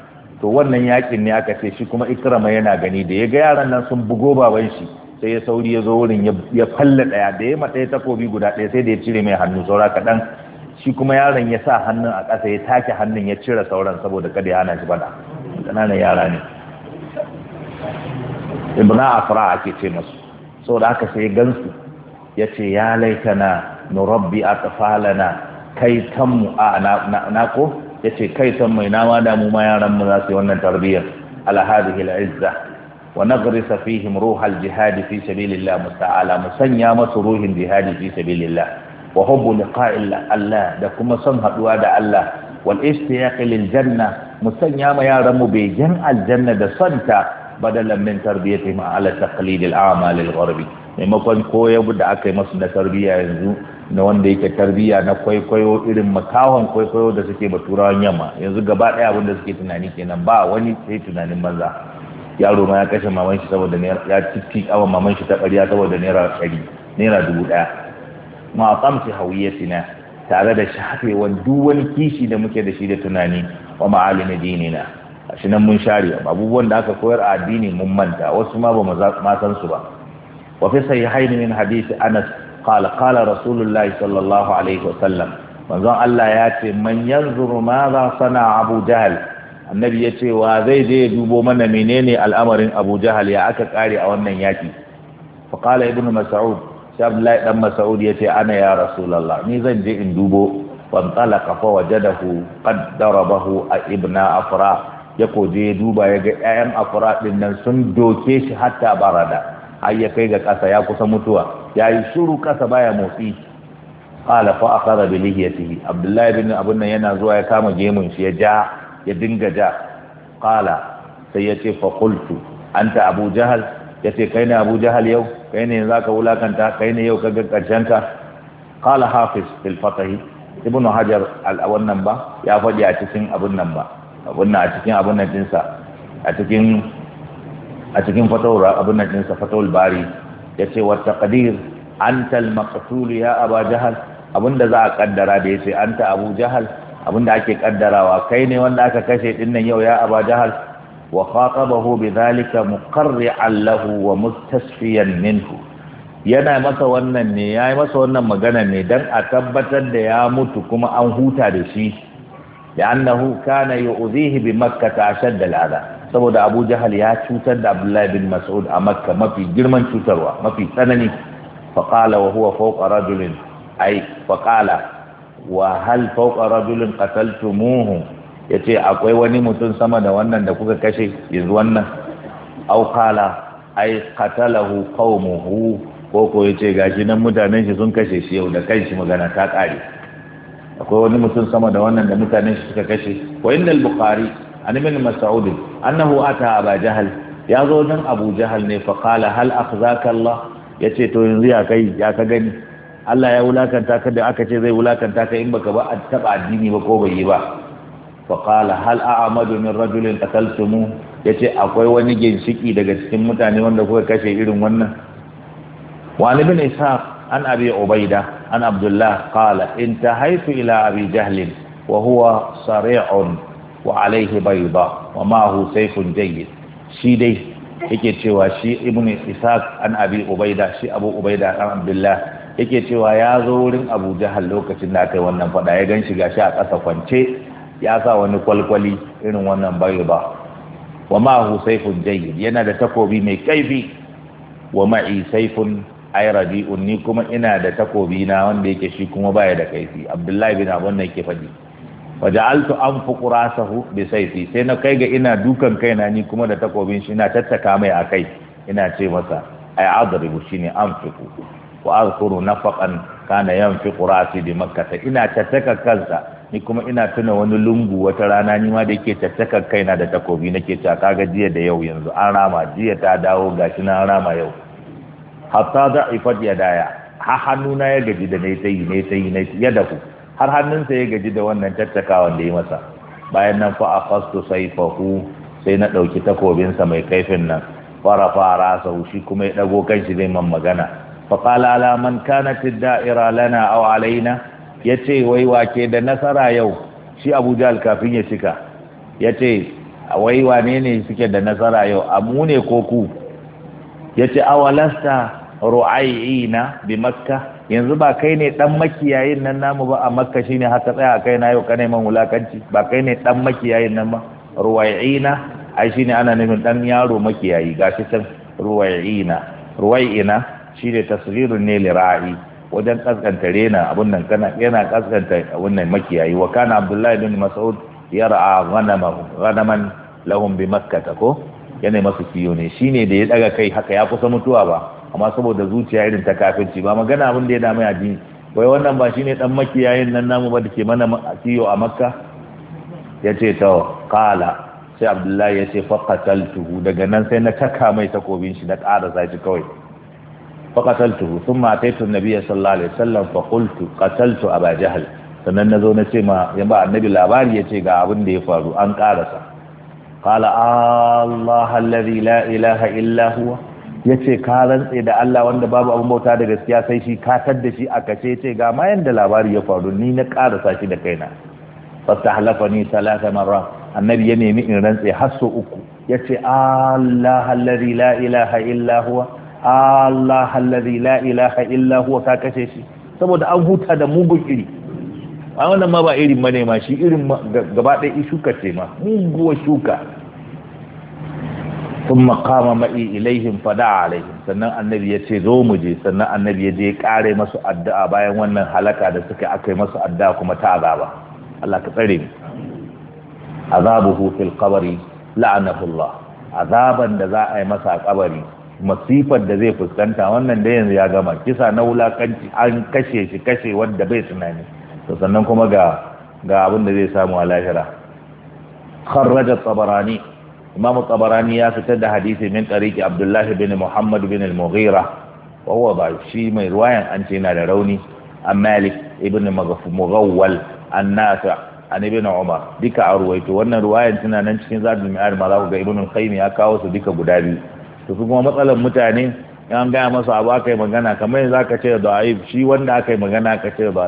to wannan yakin ne aka ce shi kuma ikrama yana gani da ya ga yaran nan sun bugo baban shi sai ya sauri ya zo wurin ya falla daya da ya mata ya takobi guda daya sai da ya cire mai hannu saura kaɗan shi kuma yaron ya sa hannun a ƙasa ya take hannun ya cire sauran saboda kada ya hana shi bada ƙananan yara ne ibna afra ake ce masu saboda haka sai gansu ya ce ya laitana nurabbi na kai tanmu a na ko ya ce kai tanmu mai nama da muma ma yaran mu za su yi wannan tarbiyyar alhazi hadhihi izza wa naghrisa fihim ruhal jihad fi sabilillah musta'ala musanya masu ruhin jihad fi sabilillah wa hubbu liqa'i Allah da kuma son haduwa da Allah wal istiyaq lil janna musanya ma yaran mu jan aljanna da santa badalan min tarbiyatihim ala taqlid al a'mal al gharbi maimakon koyar da aka yi masu na tarbiyya yanzu na wanda yake tarbiyya na kwaikwayo irin makahon kwaikwayo da suke ba yamma yanzu gaba ɗaya abin da suke tunani kenan ba wani sai tunanin banza yaro ma ya kashe maman shi saboda naira ya cikin awon maman shi ta ɓarya saboda naira ɗari naira dubu ɗaya ma tsamci na. tare da shafewan duk wani kishi da muke da shi da tunani wa ma'alimi dinina shi nan mun share abubuwan da aka koyar a addini mun manta wasu ma ba mu ma san su ba wa fi sahihain min hadisi Anas qala qala Rasulullahi sallallahu alaihi manzon Allah ya ce man yanzuru ma za sana Abu Jahl annabi ya ce wa zai je ya dubo mana menene al'amarin abu jahal ya aka kare a wannan yaki faƙala ibn mas'ud shi abdullahi dan mas'ud ya ce ana ya rasulallah ni zan je in dubo fantalaka fa wajadahu qad darabahu a ibna afra ya koje ya duba ya ga 'ya'yan afra din nan sun doke shi hatta barada har ya kai ga ƙasa ya kusa mutuwa yayi shiru ƙasa baya motsi qala fa akhadha bi lihiyatihi abdullahi ibn abun nan yana zuwa ya kama gemun shi ya ja ya dinga ja qala sai ya ce fa an ta abu jahal ya ce kai ne abu jahal yau kai ne za ka wulakanta kai ne yau ka ga karshenta qala hafiz fil fatahi ibnu hajar al wannan ba ya faɗi a cikin abun nan ba abun a cikin abun nan dinsa a cikin a cikin fatawar abun nan dinsa fatawul bari ce wa taqdir anta al maqtul ya aba jahal abinda za a kaddara da yace anta abu jahal abinda ake kaddarawa kai ne wanda aka kashe dinnan yau ya aba jahal wa khatabahu bidhalika muqarri'an lahu wa mustasfiyan minhu yana masa wannan ne yayi masa wannan magana ne dan a tabbatar da ya mutu kuma an huta da shi لأنه كان يؤذيه بمكة أشد الأذى saboda Abu Jahal ya cutar da Abdullahi bin Mas'ud a Makka mafi girman cutarwa mafi tsanani faqala wa huwa fawqa rajulin ay faqala wa hal fawqa rajulin qataltumuhu yace akwai wani mutum sama da wannan da kuka kashe yanzu wannan aw qala ay qatalahu qaumuhu ko ko yace gashi nan mutanen shi sun kashe shi yau da kanshi magana ta kare akwai wani mutum sama da wannan da mutanen shi suka kashe wa innal bukhari an ibn mas'ud annahu ata aba jahal ya zo nan abu jahal ne fa qala hal akhzaka allah yace to yanzu ya kai ya ka gani Allah ya wulakanta ka da aka ce zai wulakanta ka in baka ba a taba addini ba ko bai yi ba fa qala hal a'amadu min rajulin qataltumu yace akwai wani ginshiki daga cikin mutane wanda kuka kashe irin wannan wa ali bin ishaq an abi ubaida an abdullah qala intahaytu ila abi jahl wa huwa sari'un wa alayhi bayda wa ma'ahu sayfun jayyid shi dai yake cewa shi ibnu ishaq an abi ubaida shi abu ubaida an abdullah yake cewa ya zo wurin abu jahal lokacin da aka yi wannan fada ya gan shiga shi a ƙasa kwance ya sa wani kwalkwali irin wannan bai ba wa hu saifun jayyid yana da takobi mai kaifi wa i saifun rabi'un ni kuma ina da takobi na wanda yake shi kuma baya da kaifi abdullahi bin abun nan ke faɗi wa ja'altu anfuqu rasahu bi saifi sai na kai ga ina dukan kaina ni kuma da takobin shi na tattaka mai akai ina ce masa ai adribu shine anfuqu wa azkuru nafaqan kana yanfiqu ra'si bi makkah ina tattaka kansa ni kuma ina tuna wani lungu wata rana ni ma da yake tattaka kaina da takobi nake ta kaga jiya da yau yanzu an rama jiya ta dawo gashi na rama yau hatta da'ifat yadaya ha na ya gaji da nayi tayi nayi tayi nayi ya dafu har hannunsa ya gaji da wannan tattakawan da ya masa bayan nan fa afastu sayfahu sai na dauki takobinsa mai kaifin nan fara fara sau shi kuma ya dago kanshi zai man magana faƙala alaman kanatin da'ira lana au alaina ya ce wai wake da nasara yau shi abu kafin ya cika ya ce wai wane ne suke da nasara yau amu ne ko ku ya ce awalasta ru'ai'ina bi makka yanzu ba kai ne dan makiyayin nan namu ba a makka shine haka tsaya kai na yau ka neman wulakanci ba kai ne dan makiyayin nan ba ruwai'ina ai shine ana nufin dan yaro makiyayi gashi can ruwai'ina ruwai'ina Shi ne tasirin ne lira'i wajen kaskanta rena abun nan kana yana kaskanta abun nan makiyayi wa kana abdullahi bin mas'ud yar'a ghanaman lahum bi makkah ko yana masu kiyo ne shine da ya daga kai haka ya kusa mutuwa ba amma saboda zuciya irin ta kafirci ba magana abin da ya damu addini wai wannan ba shi ne dan makiyayin nan namu ba dake mana kiyo a makka yace to qala sai abdullahi ya ce faƙataltuhu daga nan sai na taka mai takobin shi na ƙara zaci kawai فقتلته ثم أتيت النبي صلى الله عليه وسلم فقلت قتلت أبا جهل sannan na zo na ce ma ya ba annabi labari ya ce ga abin da ya faru an karasa Kala! Allah la ilaha illa huwa ka rantse da Allah wanda babu abin bauta da gaskiya sai shi katar da shi a kace ce ga ma yanda labari ya faru ni na karasa shi da kaina fastahlafani salasa marra annabi ya nemi in rantse har so uku yace Allah alladhi la ilaha illa huwa Allah alladhi la ilaha illa huwa ka kashe shi saboda an huta da mugun iri a wannan ma ba irin bane ma shi irin gaba ɗaya shuka ce ma muguwa shuka sun makama ma'i ilaihim fada alaihim sannan annabi ya ce zo mu je sannan annabi ya je kare masu addu'a bayan wannan halaka da suka aka yi masu addu'a kuma ta azaba Allah ka tsare mu azabuhu fil qabri la'anahu Allah azaban da za a yi masa a kabari masifar da zai fuskanta wannan da yanzu ya gama kisa na wulakanci an kashe shi kashe wanda bai tunani to sannan kuma ga ga abin da zai samu a lahira kharraja tabarani imamu tabarani ya fitar da hadisi min tariqi abdullahi bin muhammad bin al-mughira wa huwa ba shi mai ruwayan an ce yana da rauni an malik ibn mughawwal an an ibn umar duka a ruwaito wannan ruwayan tana nan cikin zadul mi'ar ma za ku ga ibn al-qayyim ya kawo su duka guda biyu to su kuma matsalar mutane yan gaya masa abu aka yi magana kamar yanzu aka ce da shi wanda aka yi magana aka ce da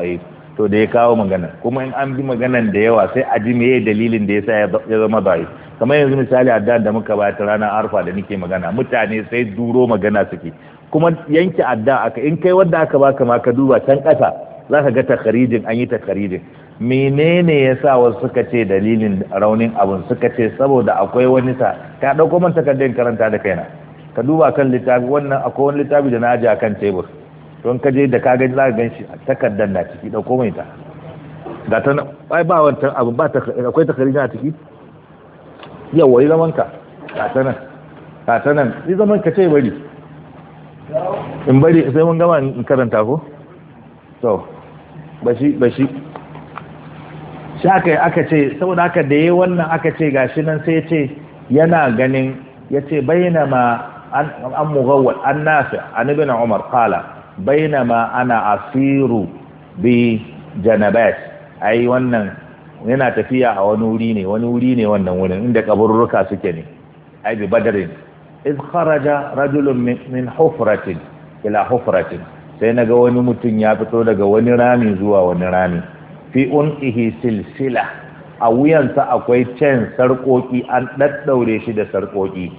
to da ya kawo magana kuma in an bi maganan da yawa sai a ji meye dalilin da yasa ya zama da kamar yanzu misali addan da muka bayar ranar arfa da nake magana mutane sai duro magana suke kuma yanke adda aka in kai wanda aka baka ma ka duba can kasa za ka ga takarijin an yi takarijin menene yasa wasu suka ce dalilin raunin abun suka ce saboda akwai wani sa ka ɗauko man takardar karanta da kaina ka duba kan littafi wannan akwai wani littafi da na a akan tebur don ka je da ka gani za ka gan shi a takardar na ciki ɗauko mai ta ga ta ai ba wancan abu ba ta akwai takardar a ciki ya yi zaman ka ga ta nan ga ta nan yi zaman ka ce bari in bari sai mun gama in karanta ko to bashi bashi shi aka aka ce saboda aka da yayi wannan aka ce gashi nan sai ya ce yana ganin ya ce bayyana ma an mughawwal an nafi an ibn umar qala bainama ana asiru bi janabat ai wannan yana tafiya a wani wuri ne wani wuri ne wannan wurin inda kaburruka suke ne ai bi badrin iz kharaja rajulun min hufratin ila hufratin sai naga wani mutum ya fito daga wani rami zuwa wani rami fi unqihi silsila a wuyansa akwai chain sarkoki an daddaure shi da sarkoki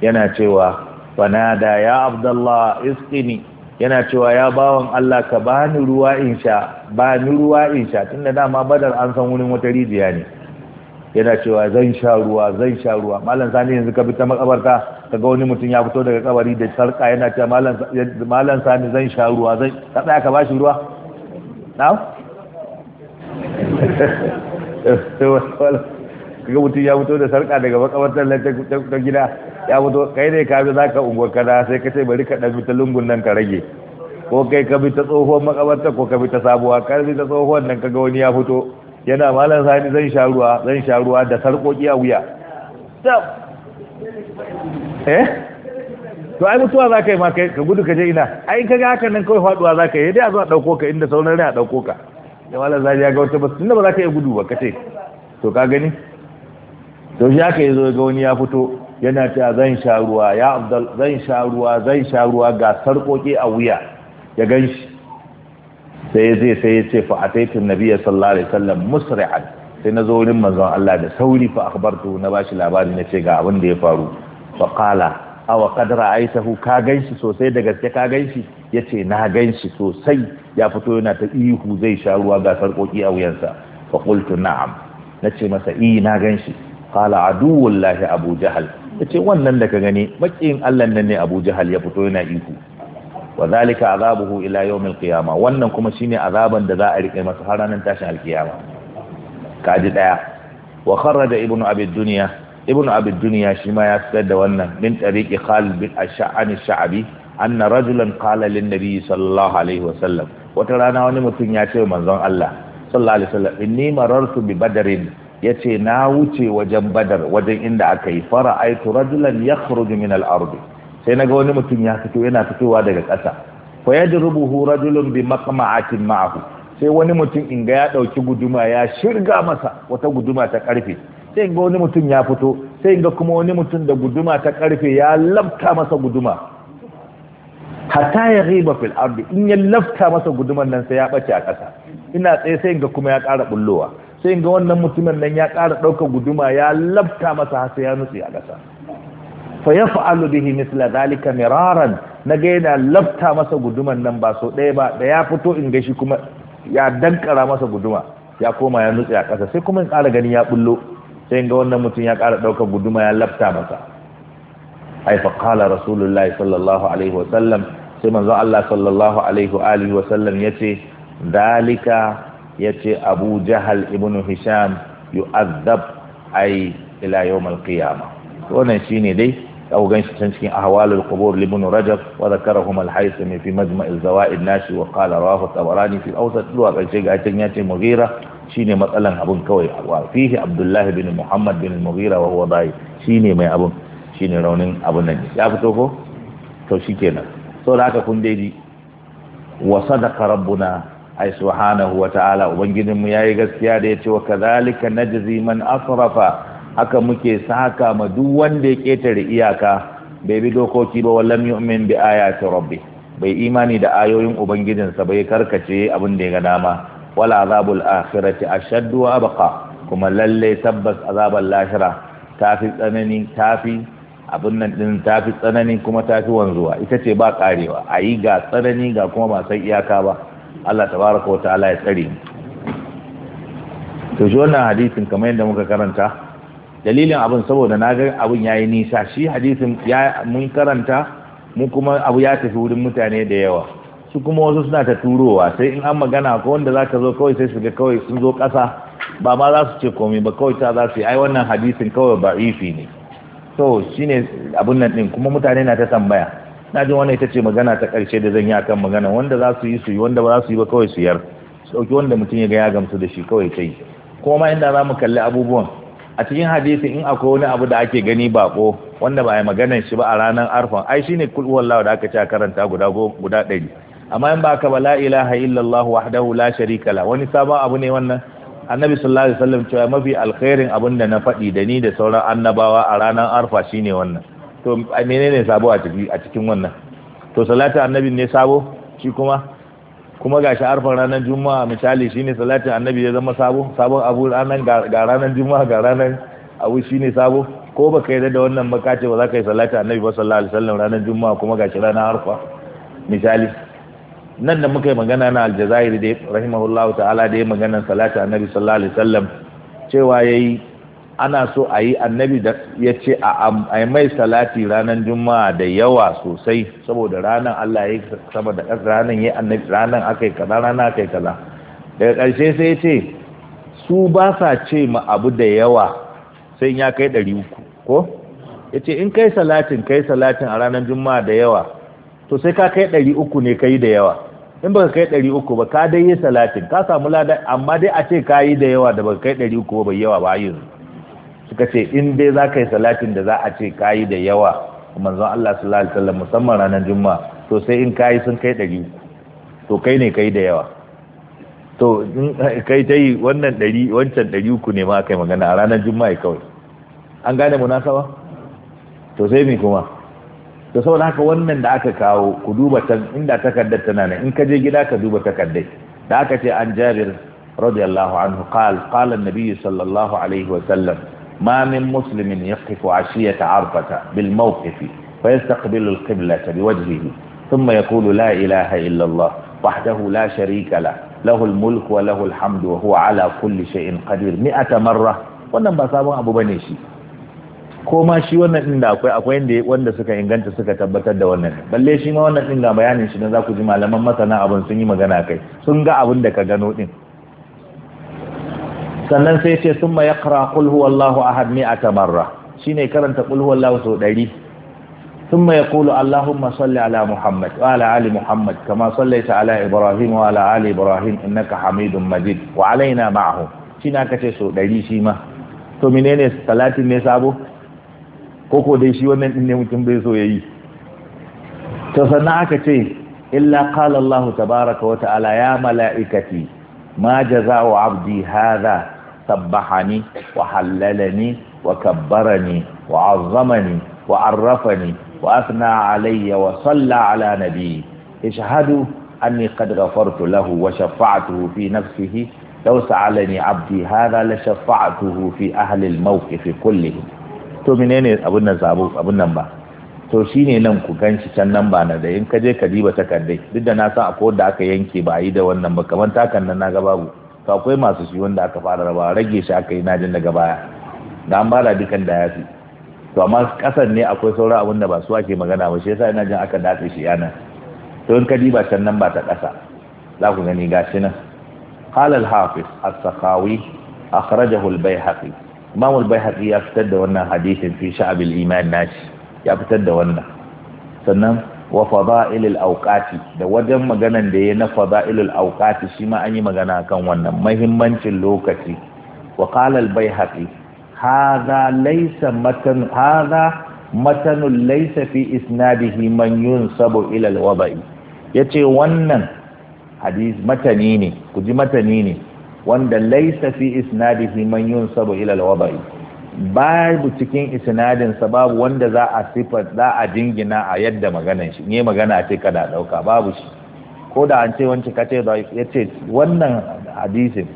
yana cewa fanada ya abdullah iskini, yana cewa ya bawan Allah ka bani ruwa in sha bani ruwa in sha tunda dama badar an san wurin wata rijiya ne yana cewa zan sha ruwa zan sha ruwa malam sani yanzu ka bi ta makabarta kaga wani mutum ya fito daga kabari da sarka yana cewa malam mallan sani zan sha ruwa zan ka tsaya ka bashi ruwa na'am kaga mutum ya fito da sarka daga makabartar na ta gida ya fito kai ne ka bi za ka unguwar kada sai ka ce bari ka ɗan ta lungun nan ka rage ko kai ka bi ta tsohuwar makabartar ko ka bi ta sabuwa ka bi ta tsohuwar nan kaga wani ya fito yana malam sani zan sha ruwa zan sha ruwa da sarƙoƙi a wuya eh? to ai mutuwa za ka yi ma kai ka gudu ka je ina ai ka ga haka nan kawai faduwa za ka yi dai a zo a ɗauko ka inda sauran rai a ɗauko ka da malam zani ya ga wata ba tunda ba za ka iya gudu ba ka ce to ka gani to shi yi zo ga wani ya fito yana ta zan sha ruwa ya abdal zan sha ruwa zan sha ruwa ga sarkoki a wuya ya ganshi sai zai sai ya ce fa ataitu sallallahu alaihi wasallam musri'an sai na zo wurin manzon Allah da sauri fa akhbartu na bashi labari na ce ga abin da ya faru fa qala aw qad ra'aytahu ka ganshi sosai da gaske ka ganshi yace na ganshi sosai ya fito yana ta ihu zai sha ruwa ga sarkoki a wuyansa fa qultu na'am nace masa i eh, na ganshi qala aduwullahi abu jahal yace wannan da ka gani makiyin Allah nan ne abu jahal ya fito yana ihu Wazalika azabuhu ila yawmil qiyama wannan kuma shine azaban da za a rike masa har ranar tashin alkiyama kaji daya wa kharaja ibnu abi dunya ibnu abi dunya shi ya fitar da wannan min tariqi khalid bin ash'ani sha'bi anna rajulan qala lin nabi sallallahu alaihi sallam. wata rana wani mutum ya ce manzon Allah sallallahu alaihi wasallam inni marartu bi badrin ya ce na wuce wajen badar wajen inda aka yi fara aitu rajulan ya kharuju min al Sai sai naga wani mutum ya fito yana fitowa daga ƙasa fa yadrubuhu rajulun bi maqma'atin ma'ahu sai wani mutum in ga ya ɗauki guduma ya shirga masa wata guduma ta karfe sai in ga wani mutum ya fito sai in ga kuma wani mutum da guduma ta karfe ya lafta masa guduma hatta ya riba fil ardi in ya lafta masa guduman nan sai ya bace a ƙasa ina tsaye sai in ga kuma ya ƙara bullowa sai ga wannan mutumin nan ya ƙara ɗaukar guduma ya labta masa hasa ya nutse a ƙasa fa ya fa'alu bihi misla zalika miraran na ga yana labta masa guduman nan ba so ɗaya ba da ya fito in gashi kuma ya dankara masa guduma ya koma ya nutse a ƙasa sai kuma in ƙara gani ya bullo sai ga wannan mutum ya ƙara ɗaukar guduma ya labta masa ai fa qala rasulullahi sallallahu alaihi wa sallam sai manzo Allah sallallahu alaihi wa alihi wa sallam yace dalika ya ce abu jahal ibn hisham yu azab ay ila yawm al-qiyama shine dai aw gan shi can cikin ahwal al-qubur li ibn rajab wa dhakarahum al-haythami fi majma' al-zawaid nashi wa qala rawahu tabarani fi awsat lu aka ce ga tin ya ce mughira shine matsalan abun kawai wa fihi abdullah muhammad bin mughira wa huwa dai shine raunin abun nan ya fito ko to kenan so da haka kun daidi wa sadaqa rabbuna ai subhanahu wa ta'ala mu yayi gaskiya da yace wa kadhalika najzi man asrafa haka muke saka ma duk wanda ya ketare iyaka bai bi dokoki ba wallam yu'min bi ayati rabbi bai imani da ayoyin ubangijinsa bai karkace abin da ya ga dama wala azabul akhirati ashaddu wa abqa kuma lalle tabbas azabal lahira tafi tsanani tafi abin nan din tafi tsanani kuma tafi wanzuwa ita ce ba karewa ayi ga tsanani ga kuma ba sai iyaka ba Allah tabaraka wa ta'ala ya tsare to shi wannan hadisin kamar yadda muka karanta dalilin abin saboda na ga abin yayi nisa shi hadisin ya mun karanta mu kuma abu ya tafi wurin mutane da yawa su kuma wasu suna ta turowa sai in an magana ko wanda za ka zo kawai sai su ga kawai sun zo kasa ba ma za su ce komai ba kawai ta za su yi ai wannan hadisin kawai ba'ifi ne to shine abin nan din kuma mutane na ta tambaya na ji wannan ita ce magana ta ƙarshe da zan yi akan magana wanda za su yi su yi wanda ba za su yi ba kawai su yar su ɗauki wanda mutum ya ga ya gamsu da shi kawai ta yi kuma ma inda za mu kalli abubuwan a cikin hadisi in akwai wani abu da ake gani bako wanda ba a yi maganan shi ba a ranar arfan ai shi ne lawa da aka ce a karanta guda guda ɗari amma in ba ka ba la ilaha illallah wahdahu la sharika la wani sabon abu ne wannan annabi sallallahu alaihi wasallam cewa mafi alkhairin abin da na faɗi da ni da sauran annabawa a ranar arfa shine wannan to menene sabo a cikin wannan to salatin annabi ne sabo shi kuma kuma gashi arfan ranar juma'a misali shine salatin annabi ya zama sabo sabon abu ranar ga ranar juma'a ga ranar abu shine sabo ko ba ka yarda da wannan ba kace ba za ka yi salatin annabi ba sallallahu alaihi wasallam ranar juma'a kuma gashi ranar arfa misali nan da muka yi magana na aljazairi da rahimahullahu ta'ala da ya magana salatin annabi sallallahu alaihi wasallam cewa yayi ana so a yi annabi da ya ce a mai salati ranar juma'a da yawa sosai saboda ranar Allah ya yi sama da ranar ya annabi ranar aka yi kaza ranar aka yi kaza daga ƙarshe sai ya ce su ba sa ce ma abu da yawa sai ya kai ɗari uku ko ya ce in kai salatin kai salatin a ranar juma'a da yawa to sai ka kai ɗari uku ne ka yi da yawa in baka kai ɗari uku ba ka dai yi salatin ka samu lada amma dai a ce ka yi da yawa da baka kai ɗari uku ba yawa ba yanzu suka ce in dai za ka yi salatin da za a ce kayi da yawa manzon Allah sallallahu alaihi wasallam musamman ranar juma'a to sai in kayi sun kai ɗari to kai ne kai da yawa to kai ta yi wannan ɗari wancan ɗari uku ne ma aka yi magana a ranar juma'a kawai an gane munasaba to sai mi kuma to saboda haka wannan da aka kawo ku duba can inda takardar tana nan in ka je gida ka duba takardai. da aka ce an jabir radiyallahu anhu qala qala an nabiy sallallahu alaihi wa sallam ما من مسلم يقف عشية عرفة بالموقف فيستقبل القبلة بوجهه ثم يقول لا إله إلا الله وحده لا شريك له له الملك وله الحمد وهو على كل شيء قدير مئة مرة wannan ba sabon abu bane shi ko ma shi wannan din da akwai akwai inda wanda suka inganta suka tabbatar da wannan balle shi ma wannan din ga bayanin shi na za ku ji malaman masana abin sun yi magana kai sun ga abin da ka gano din sannan sai ce summa yaqra qul huwallahu a mi'ata marra shine karanta qul huwallahu sau 100 summa yaqulu allahumma salli ala muhammad wa ala ali muhammad kama sallaita ala ibrahim wa ala ali ibrahim innaka hamidum majid wa alaina ma'ahu shi na ce sau ɗari shi ma to menene talatin ne sabo ko dai shi wannan din ne mutum bai so yayi to sannan aka ce illa qala allah tabaaraka wa ta'ala ya mala'ikati ma jaza'u 'abdi hadha sabbahani wa hallalani wa kabbarani wa azzamani wa arrafani wa asna alayya wa salla ala nabi ishhadu anni qad ghafartu lahu wa shafa'tuhu fi nafsihi law sa'alani abdi hadha la shafa'tuhu fi ahli al-mawqif kullihi to menene abun nan abun nan ba to shine nan ku ganshi can nan ba na da in ka je ka diba takardai duk da na san akwai da aka yanke ba a yi da wannan ba kamar takan nan na ga babu to akwai masu shi wanda aka fara raba rage shi aka yi najin daga baya da an bada dukan da ya fi to amma kasan ne akwai sauran abin da ba su ake magana ba shi yasa ina jin aka datse shi yana to in ka diba can nan ba ta kasa za ku gani gashi nan halal hafiz as-sakhawi akhrajahu al-baihaqi imam al-baihaqi ya fitar da wannan hadisin fi sha'abil iman nashi ya fitar da wannan sannan wa fada'ilil auqati da wajen maganan da ya na fada'ilil auqati shi ma an yi magana kan wannan mahimmancin lokaci wa qala al baihaqi hadha laysa matan hadha matanul laysa fi isnadihi man yunsabu ila al wada'i yace wannan hadis matani ne kuji matani ne wanda laysa fi isnadihi man yunsabu ila al wada'i babu cikin isnadinsa babu wanda za a sifar za a jingina a yadda maganan shi ne magana ce kada dauka babu shi ko da an ce wancan ka ce ya ce wannan hadisin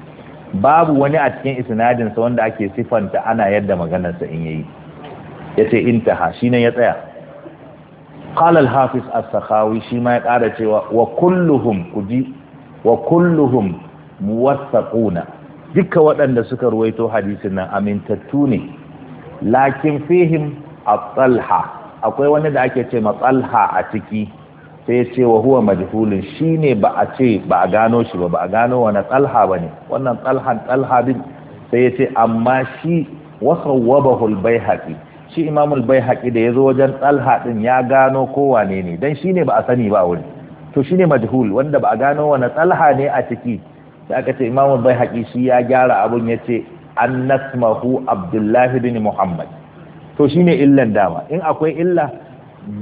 babu wani a cikin isinadinsa wanda ake sifanta ana yadda maganarsa in yayi ya ce intaha shi ne ya tsaya qalal hafiz as-sakhawi shi ma ya ƙara cewa wa kulluhum kuji wa kulluhum dukkan waɗanda suka ruwaito hadisin nan amintattu ne lakin fihim atsalha akwai wani da ake ce matsalha a ciki sai ya ce wa huwa majhulun shine ba a ce ba a gano shi ba ba a gano wani tsalha bane wannan tsalhan tsalha din. sai ya ce amma shi wa khawwabahu al-baihaqi shi Imamul al-baihaqi da zo wajen tsalha din ya gano ko wane ne dan shine ba a sani ba wuri to shine majhul wanda ba a gano wani tsalha ne a ciki sai aka ce imamu bai haƙi shi ya gyara abun ya ce an nasmahu abdullahi bin muhammad to ne illan dama in akwai illa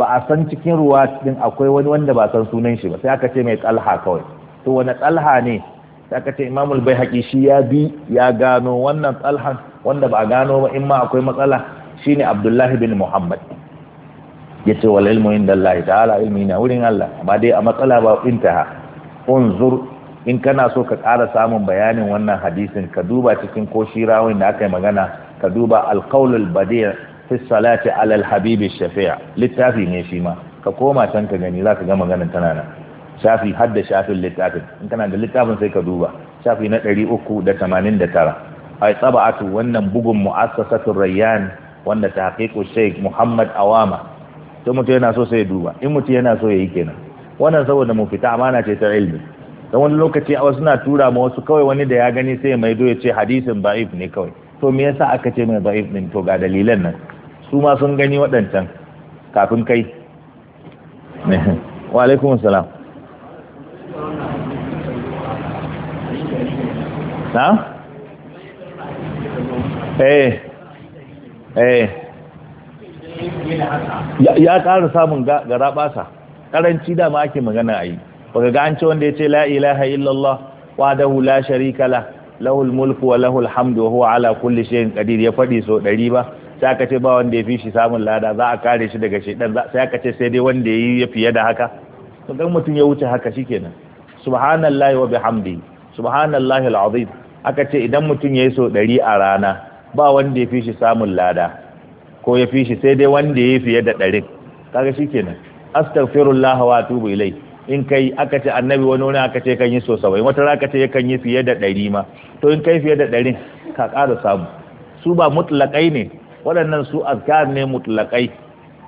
ba a san cikin ruwa din akwai wani wanda ba san sunan shi ba sai aka ce mai tsalha kawai to wani tsalha ne sai aka ce imamu bai haƙi shi ya bi ya gano wannan tsalhan wanda ba a gano ba in ma akwai matsala shine abdullahi bin muhammad ya ce wal ilmu inda Allah ta'ala ilmi na wurin Allah amma dai a matsala ba intaha unzur in kana so ka ƙara samun bayanin wannan hadisin ka duba cikin ko shirawin da aka yi magana ka duba alƙaulul badi' fi salati alal habibi shafi'a littafi ne shi ma ka koma can ka gani za ka ga maganar tana nan shafi har da shafin littafin in kana da littafin sai ka duba shafi na ɗari uku da tamanin da tara ai tsaba'atu wannan bugun mu'assasatun rayyan wanda ta haƙiƙu sheikh muhammad awama to mutum yana so sai ya duba in mutum yana so ya yi kenan wannan saboda mu fita amana ce ta ilimi. da wani lokaci a wasu na tura ma wasu kawai wani da ya gani sai mai ya ce hadisin ba'if ne kawai to me yasa aka ce mai ba'if din to ga dalilan nan su ma sun gani waɗancan kafin kai wa alaikum salam na eh eh ya ƙara samun garaɓasa, ƙaranci dama ake magana a yi baka ga an ce wanda ya ce la ilaha illallah wahdahu la sharika la lahul mulku wa lahul hamdu wa huwa ala kulli shay'in qadir ya fadi so dari ba sai aka ce ba wanda ya fi shi samun lada za a kare shi daga shaidan sai aka ce sai dai wanda ya yi fiye da haka to dan mutum ya wuce haka shikenan subhanallahi wa bihamdi subhanallahi alazim aka ce idan mutum yi so dari a rana ba wanda ya fi shi samun lada ko ya fi shi sai dai wanda ya yi fiye da ɗarin kaga shikenan astaghfirullah wa atubu ilai in kai aka ce annabi wani wani aka ce kan yi so saba'in wata raka ce yakan yi fiye da ɗari ma to in kai fiye da ɗarin ka ƙara samu su ba mutlaƙai ne waɗannan su azkar ne mutlaƙai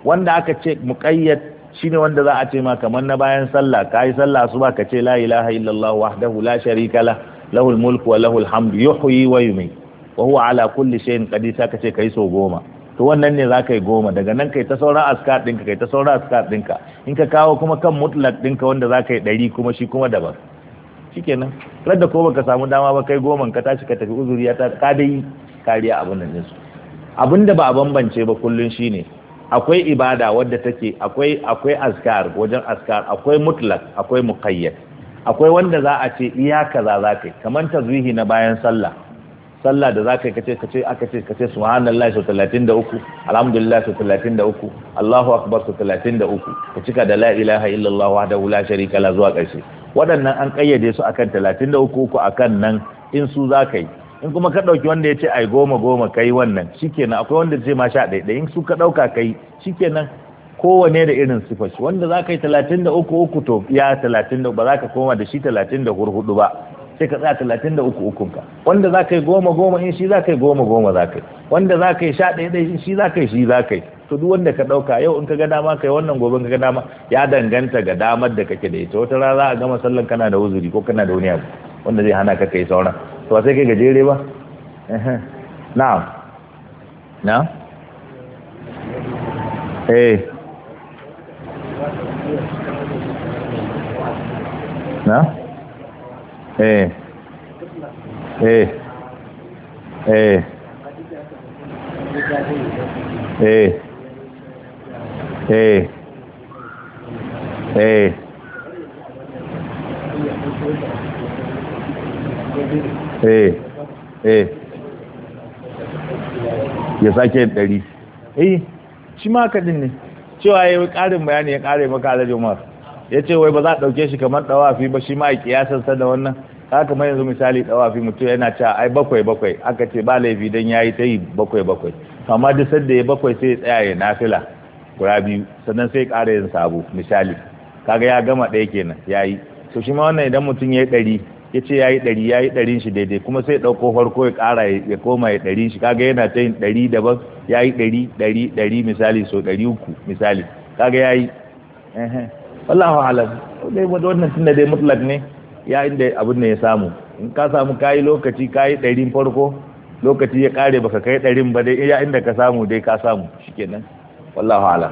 wanda aka ce muƙayyad shine wanda za a ce ma kamar na bayan sallah ka yi sallah su ba ka ce la ilaha illallah wahdahu la sharika la lahul mulku wa lahul hamdu yuhyi wa yumiit wa huwa ala kulli shay'in qadir ka ce kai so goma to wannan ne za ka yi goma daga nan kai ta sauran askar ɗinka kai ta sauran askar ɗinka in ka kawo kuma kan mutlak ɗinka wanda za ka yi ɗari kuma shi kuma daban nan radda ko baka samu dama ba kai goma ka tashi ka tafi uzuri ya ta kadai kariya abin nan ɗinsu abin da ba a bambance ba kullum shine akwai ibada wadda take akwai akwai askar wajen askar akwai mutlak akwai muqayyad akwai wanda za a ce iya kaza za ka yi kamar tazwihi na bayan sallah sallah da zaka kace kace aka ce kace subhanallahi da 33 alhamdulillah so 33 Allahu akbar da 33 ku cika da la ilaha illallah wahdahu la sharika la zuwa karshe. waɗannan an kayyade su akan 33 uku akan nan in su zaka yi in kuma ka ɗauki wanda ya ce ai goma goma kai wannan shikenan akwai wanda ce ma sha ɗaya in su ka ɗauka kai shikenan kowane da irin sifar shi wanda ka yi 33 uku to ya 33 ba za ka koma da shi 34 ba sai ka tsaya talatin da uku ukunka wanda za ka yi goma goma in shi za ka yi goma goma za ka yi wanda za ka yi sha ɗaya ɗaya in shi za ka yi shi za ka yi to duk wanda ka ɗauka yau in ka ga dama ka yi wannan gobe ka ga dama ya danganta ga damar da kake da ita wata rana za a gama sallan kana da uzuri ko kana da wani abu wanda zai hana ka kai sauran to sai kai gajere ba Na. Na. eh na'am eh eh eh eh eh eh eh eh ya sake ɗari eh shi ma kadin ne cewa ya yi ƙarin bayani ya ƙare maka alajin ya ce wai ba za a ɗauke shi kamar ɗawafi ba shi ma a sa da wannan haka mai yanzu misali ɗawafi mutum yana cewa ai bakwai bakwai aka ce ba laifi don ya yi ta yi bakwai bakwai amma duk sanda ya bakwai sai ya tsaya ya nafila guda biyu sannan sai ƙara yin sabo misali kaga ya gama ɗaya kenan ya yi to shi ma wannan idan mutum ya yi ɗari ya ce ya yi ɗari ya yi ɗarin shi daidai kuma sai ɗauko farko ya ƙara ya koma ya ɗari shi kaga yana ta yin ɗari daban ya yi ɗari ɗari ɗari misali so ɗari uku misali kaga ya yi wallahu alam dai wannan tunda dai mutlak ne ya inda abin da ya samu in ka samu kayi lokaci kayi ɗarin farko lokaci ya kare baka kai ɗarin ba dai ya inda ka samu dai ka samu shikenan wallahu ala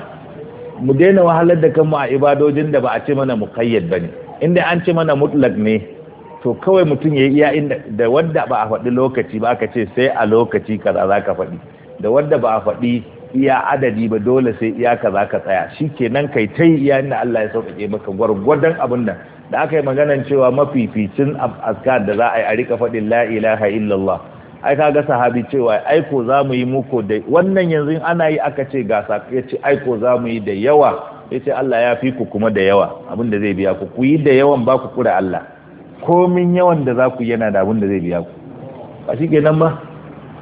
mu daina wahalar da kanmu a ibadojin da ba a ce mana muqayyad bane inda an ce mana mutlak ne to kawai mutum ya iya inda da wanda ba a faɗi lokaci ba aka ce sai a lokaci kaza za ka faɗi da wanda ba a faɗi iya adadi ba dole sai iya kaza ka tsaya shikenan kai tai iya inda Allah ya sauƙaƙe maka gwargwadon abin nan. da aka yi maganan cewa mafificin askar da za a yi a rika faɗin la'ilaha illallah ai kaga sahabi cewa aiko za mu yi muku da wannan yanzu ana yi aka ce gasa ya ce aiko za mu yi da yawa ya ce Allah ya fi ku kuma da yawa abin da zai biya ku ku yi da yawan ba ku kura Allah komin yawan da za ku yana da abin da zai biya ku ba shi kenan ba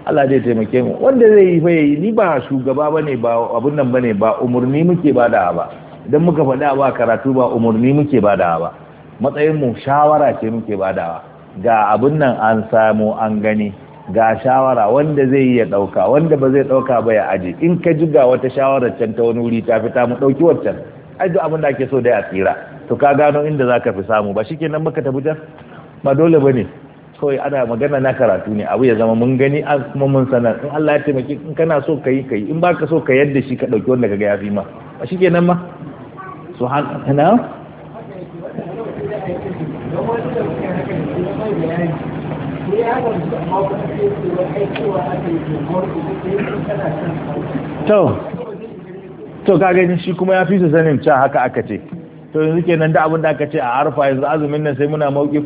Allah zai taimake mu wanda zai yi bai ni ba shugaba ba ne ba abin nan ne ba umurni muke ba da ba idan muka faɗa ba karatu ba umurni muke ba da ba matsayin mu shawara ce muke badawa ga abin nan an samu an gani ga shawara wanda zai iya ɗauka wanda ba zai ɗauka ba ya aje in ka ji ga wata shawarar can ta wani wuri ta fita mu ɗauki wancan ai duk abin da ake so da ya tsira to ka gano inda za ka fi samu ba nan muka tafi can ba dole ba ne kawai ana magana na karatu ne abu ya zama mun gani an kuma mun sanar in Allah ya taimaki in kana so ka yi ka yi in baka so ka yadda shi ka ɗauki wanda ka ga ya fi ma ba nan ma su hana to ka gani shi kuma ya fi su sanin cewa haka aka ce to yanzu kenan da abin da aka ce a arfa yanzu azumin nan sai muna mauki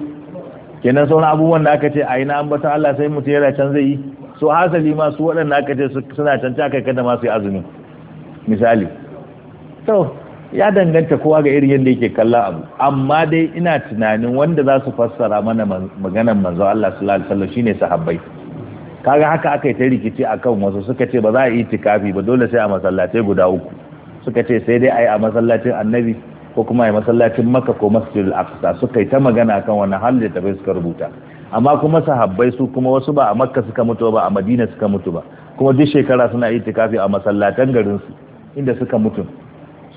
kenan sauran abubuwan da aka ce a ina bata Allah sai mutum yana can zai yi so hasali ma su waɗanda aka ce suna can ta kai kada ma yi azumi misali to ya danganta kowa ga irin yadda yake kalla abu amma dai ina tunanin wanda za su fassara mana maganar manzo Allah sallallahu alaihi wasallam shine sahabbai kaga haka aka yi ta rikici akan wasu suka ce ba za a yi tikafi ba dole sai a masallatai guda uku suka ce sai dai a yi a masallacin annabi ko kuma a masallacin makka ko masjidul aqsa suka yi ta magana kan wannan hal da tafi suka rubuta amma kuma sahabbai su kuma wasu ba a makka suka mutu ba a madina suka mutu ba kuma duk shekara suna yi tikafi a masallatan garin su inda suka mutu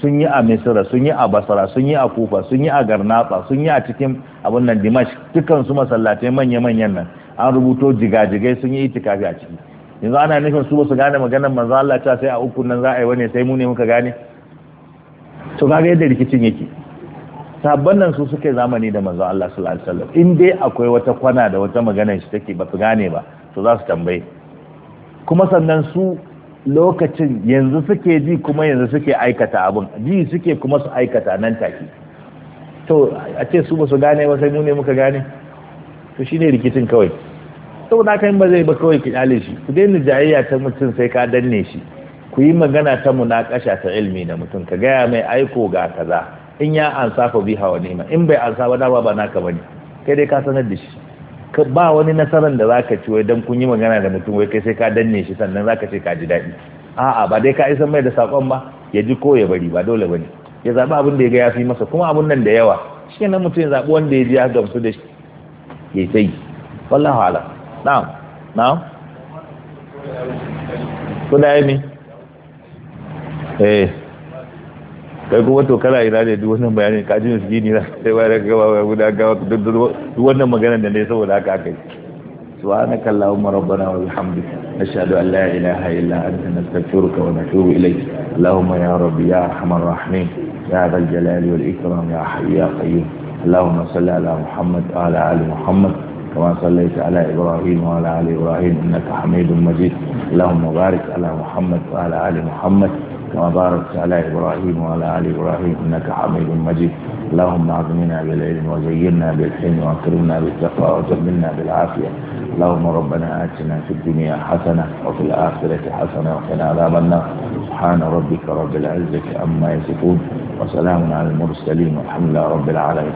sun yi a misira sun yi a basra sun yi a kufa sun yi a garnatsa sun yi a cikin abin nan dimash dukkan su masallatai manya-manyan nan an rubuto jigajigai sun yi itikafi a ciki yanzu ana nufin su ba su gane maganar manzo Allah ta sai a uku nan za a yi wani sai mu ne muka gane to kaga yadda rikicin yake sabban nan su suke zamani da manzo Allah sallallahu alaihi wasallam in dai akwai wata kwana da wata maganar shi take ba su gane ba to za su tambaye kuma sannan su lokacin yanzu suke ji kuma yanzu suke aikata abin ji suke kuma su aikata nan take to a ce su ba su gane ba sai mu ne muka gane to shine rikicin kawai to na kai ba zai ba kawai ki kyale shi ku daina jayayya ta mutum sai ka danne shi ku yi magana ta munakasha ta ilmi na mutum ka gaya mai aiko ga kaza in ya ansa fa biha wa in bai ansa ba na ba naka bane kai dai ka sanar da shi ba wani nasarar da zaka ci wai dan kun yi magana da mutum wai kai sai ka danne shi sannan zaka ce ka ji daɗi a'a ba dai ka isa mai da sakon ba ya ji ko ya bari ba dole bane ya zaɓi abin da ya ga ya fi masa kuma abun nan da yawa shi nan mutum ya zaɓi wanda ya ji ya gamsu da shi ya sai wallahu ala na'am na'am ko da yi eh sai kuma to kana ina ne duk wannan bayanin ka ji su gini na sai bayan ka gaba ga guda gawa duk wannan maganar da ne saboda haka kai subhanaka allahumma rabbana wa bihamdika nashhadu an la ilaha illa anta nastaghfiruka wa natubu ilayk allahumma ya rabbi ya arhamar rahim ya dhal jalali wal ikram ya hayy ya qayyum اللهم صل على محمد وعلى آل محمد كما صليت على إبراهيم وعلى آل إبراهيم إنك حميد مجيد اللهم بارك muhammad wa ala ali muhammad. كما باركت على إبراهيم وعلى آل إبراهيم إنك حميد مجيد اللهم أعظمنا بالعلم وزينا بالحلم وأكرمنا بالتقوى وجملنا بالعافية اللهم ربنا آتنا في الدنيا حسنة وفي الآخرة حسنة وقنا عذاب النار سبحان ربك رب العزة عما يصفون وسلام على المرسلين والحمد لله رب العالمين